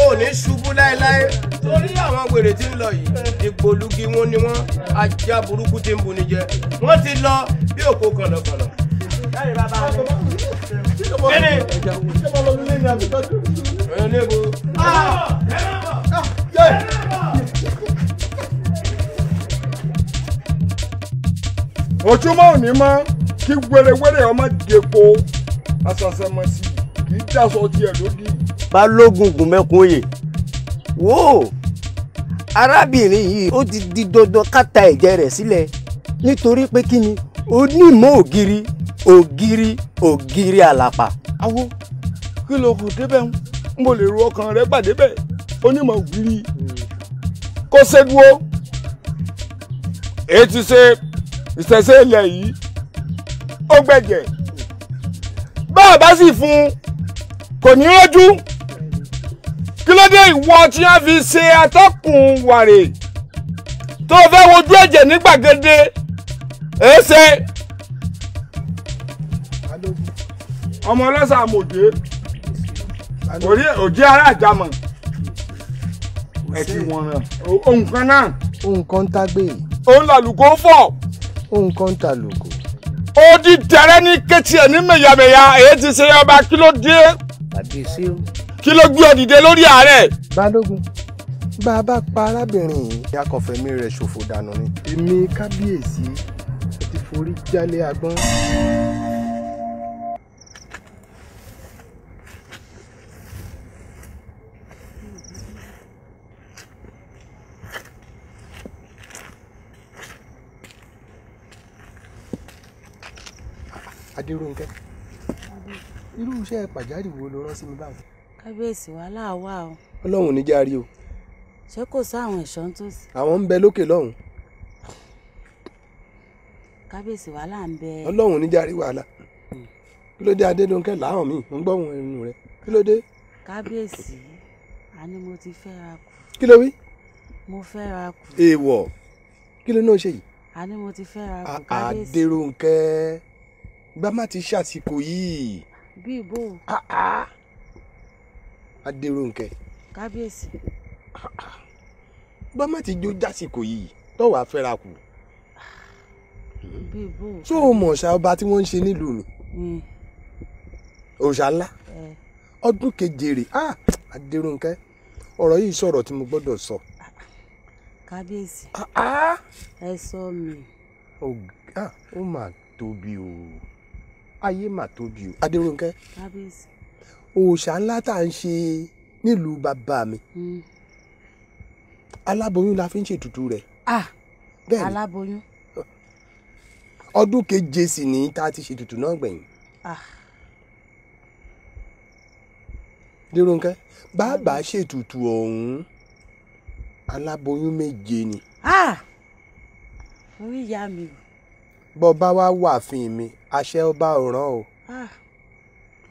ò ní ṣubú láéláé torí àwọn wèrè tí ń lọ yìí ìgbòlugi wọn ni wọn ajá burúkú tí ń buni jẹ wọn ti lọ bí òkú kànlọkànlọ. ojúmọ́ ò ní mọ́ kí wẹ́rẹ́wẹ́rẹ́ ọmọ dèpo àṣàṣàmọ̀sì kì í dàsọ tiẹ̀ lódì. balógun gùnmẹ́kun yè wo ó arábìnrin yìí ó ti di dandan ká ta ẹ̀jẹ̀ rẹ̀ sílẹ̀ nítorí pé kí ni onímọ̀ ògiri ògiri ògiri àlàpà. awo kí ló kò débẹ̀ ń mo lè ro ọkàn rẹ pàdé bẹ́ẹ̀ onímọ̀ ògiri kó ṣe dúró èyí ṣe ìṣẹ̀ṣe ilẹ̀ yìí ó gbẹ̀jẹ̀ bá a bá sì fún un kò ní rọ́jú kí ló dé ìwọ tí wọ́n fi ṣe atọ́kùn wàrè tó fẹ́ wojú ẹ̀jẹ̀ ní gbàgede èéṣe ọmọ ọlọ́sà àmọ̀dé orí òjì ara àjàmọ̀ ẹ̀tì wọn náà ohun kan náà. ohun kan ń tágbé. òun làlùkò fọ. ohun kan ń tàlùkò ó di dẹrẹ ní kẹtì ẹ ní mẹyàmẹyà èyí ti ṣe ọba kí ló dé. kàbíyèsí o. kí ló gbé ọ dìde lórí ààrẹ. balógun bá a bá pa arábìnrin yìí. ìyá kan fẹ̀mí rẹ̀ ṣòfò dànù ni. èmi kábíyèsí ti forí jálé agbọ́n. adéròǹkẹ́ irú iṣẹ́ pàjáwìrì wo ló rán sí mi báyìí. kábíyèsí wàhálà wà o. ọlọ́run ní járe o. ṣé kò sáwọn ẹ̀ṣọ́ ń tòsí. àwọn ń bẹ lókè lọ́hùn. kábíyèsí wàhálà ń bẹ. ọlọ́run ní járe wàhálà kí ló dé adéròǹkẹ́ làwọn mi ń gbọ́ ohun ẹnu rẹ kí ló dé. kábíyèsí àní mo ti fẹ́ ra kù. kí ló wí. mo fẹ́ ra kù. èèwọ̀ kí ló náà ṣe yìí. àní mo ti fẹ́ ra kù kábíyèsí. adéròǹkẹ́ gbàmá ti ṣàsìkò yìí. bí ibo. adéròǹkẹ. Ah, ah. kábíyèsí. gbàmá ti jó jásìkò yìí tọ́wọ́ afẹ́ra kù. bí ibo. ṣé o mọ̀ ṣá ọba tí wọ́n ń ṣe nílùú mi. òòṣà ńlá ọdún keje rè adéròǹkẹ ah, ọ̀rọ̀ yìí sọ̀rọ̀ tí mo gbọ́dọ̀ sọ. kábíyèsí. ẹ sọ mi. ó mà tóbi o ayé mà tóbi o adéròǹkẹ́ òòṣà ńlá tá à ń ṣe nílùú bàbá mi hmm. aláboyún la fi ń ṣètùtù rẹ̀. bẹ́ẹ̀ni aláboyún. ọdún keje sì ni tá a ti ṣètùtù náà gbẹ̀yìn. déròǹkẹ́ bàbá ṣètùtù ọ̀hún aláboyún méje ni. orí ìyá mi o bọ́ ọ bá wá wà fún mi àṣẹ ọba ọ̀ràn o ah.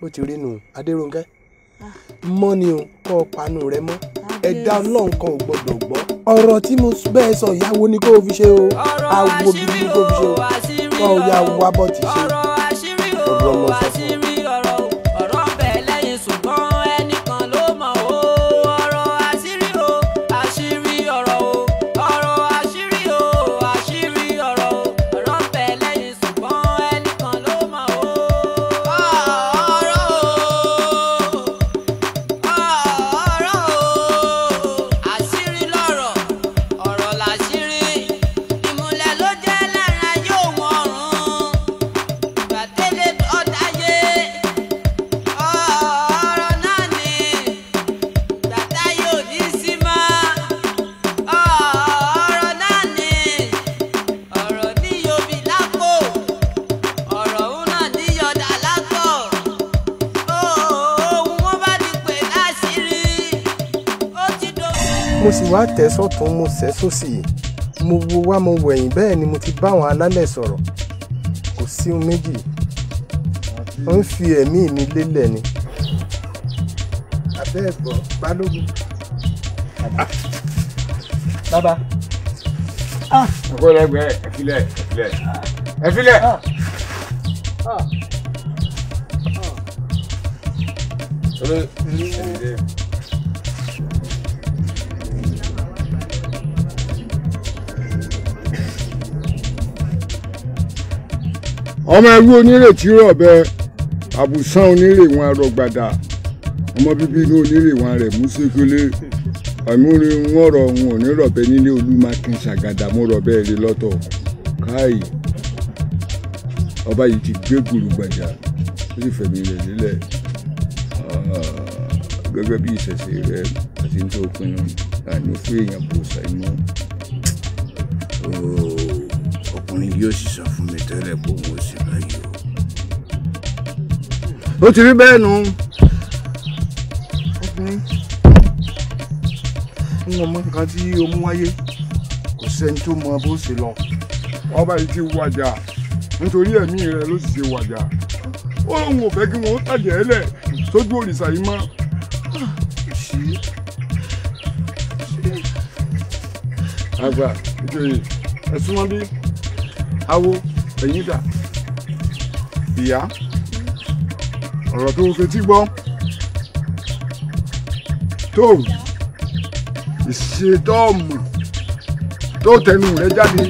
ó ti rí nu adéròǹkẹ́ ah. mọ́ o kọ́ ọ panu rẹ mọ́ ẹ̀dá ọlọ́run kan ò gbọ́dọ̀ gbọ́ ọ̀rọ̀ tí mo bẹ́ẹ̀ sọ ìyàwó ni kó o fi ṣe o àwo gidi ni kó o fi ṣe o kọ́ ọ ya wa bọ́ ti ṣe ọ̀rọ̀ ọmọ sọ fún mi. wá tẹ̀ sọ́tún mo sẹ̀ sósì mo wo wá mo wẹ̀yìn bẹ́ẹ̀ ni mo ti bá àwọn alálẹ̀ sọ̀rọ̀ kò sí ohun méjì ó ń fi ẹ̀mí mi lélẹ̀ ni. abẹ́ ẹ̀gbọ́n balógun. bàbá. ẹ̀fílẹ̀ ẹ̀fílẹ̀ ẹ̀fílẹ̀. Ah. ọmọ ẹrú onírètí rọ̀bẹ àbùsán onírèwọ̀n arọ̀gbàdà ọmọ bíbí inú onírèwọ̀n rẹ̀ mú sékélé àmúrí wọn rọ òun ò ní rọ̀bẹ nílé olúmakin ṣàgàdà mú rọ̀bẹ rẹ lọ́tọ̀ káì ọba yìí ti gbé gbùrùgbàjà ó sì fẹ̀mí rẹ̀ lílẹ̀ ah, gẹ́gẹ́ bí ìṣẹ̀ṣe rẹ̀ àti nítorí pinnu àìní fún èèyàn bòṣà inú ọkùnrin yóò sì sọ fún mi tẹ́lẹ̀ bóun ó sì lọ yìí o. ó ti rí bẹ́ẹ̀ nu. ọkùnrin ń wọ́n mọ nǹkan tí o mú wáyé kò sẹ́ni tó mọ bó ṣe lọ ọba yìí ti wàjà nítorí ẹ̀mí rẹ ló sì ṣe wàjà ó lóun ò fẹ́ kí wọ́n tàjẹ́ ẹlẹ̀ sójú òrìṣà yìí mọ́. àgbà ìjòyè ẹ̀sùn wọn bí awo ẹ̀yin dà ìyá ọ̀rọ̀ tó fetí gbọ́ tó ìṣètọ́ọ̀mù tó tẹnu rẹ̀ jáde.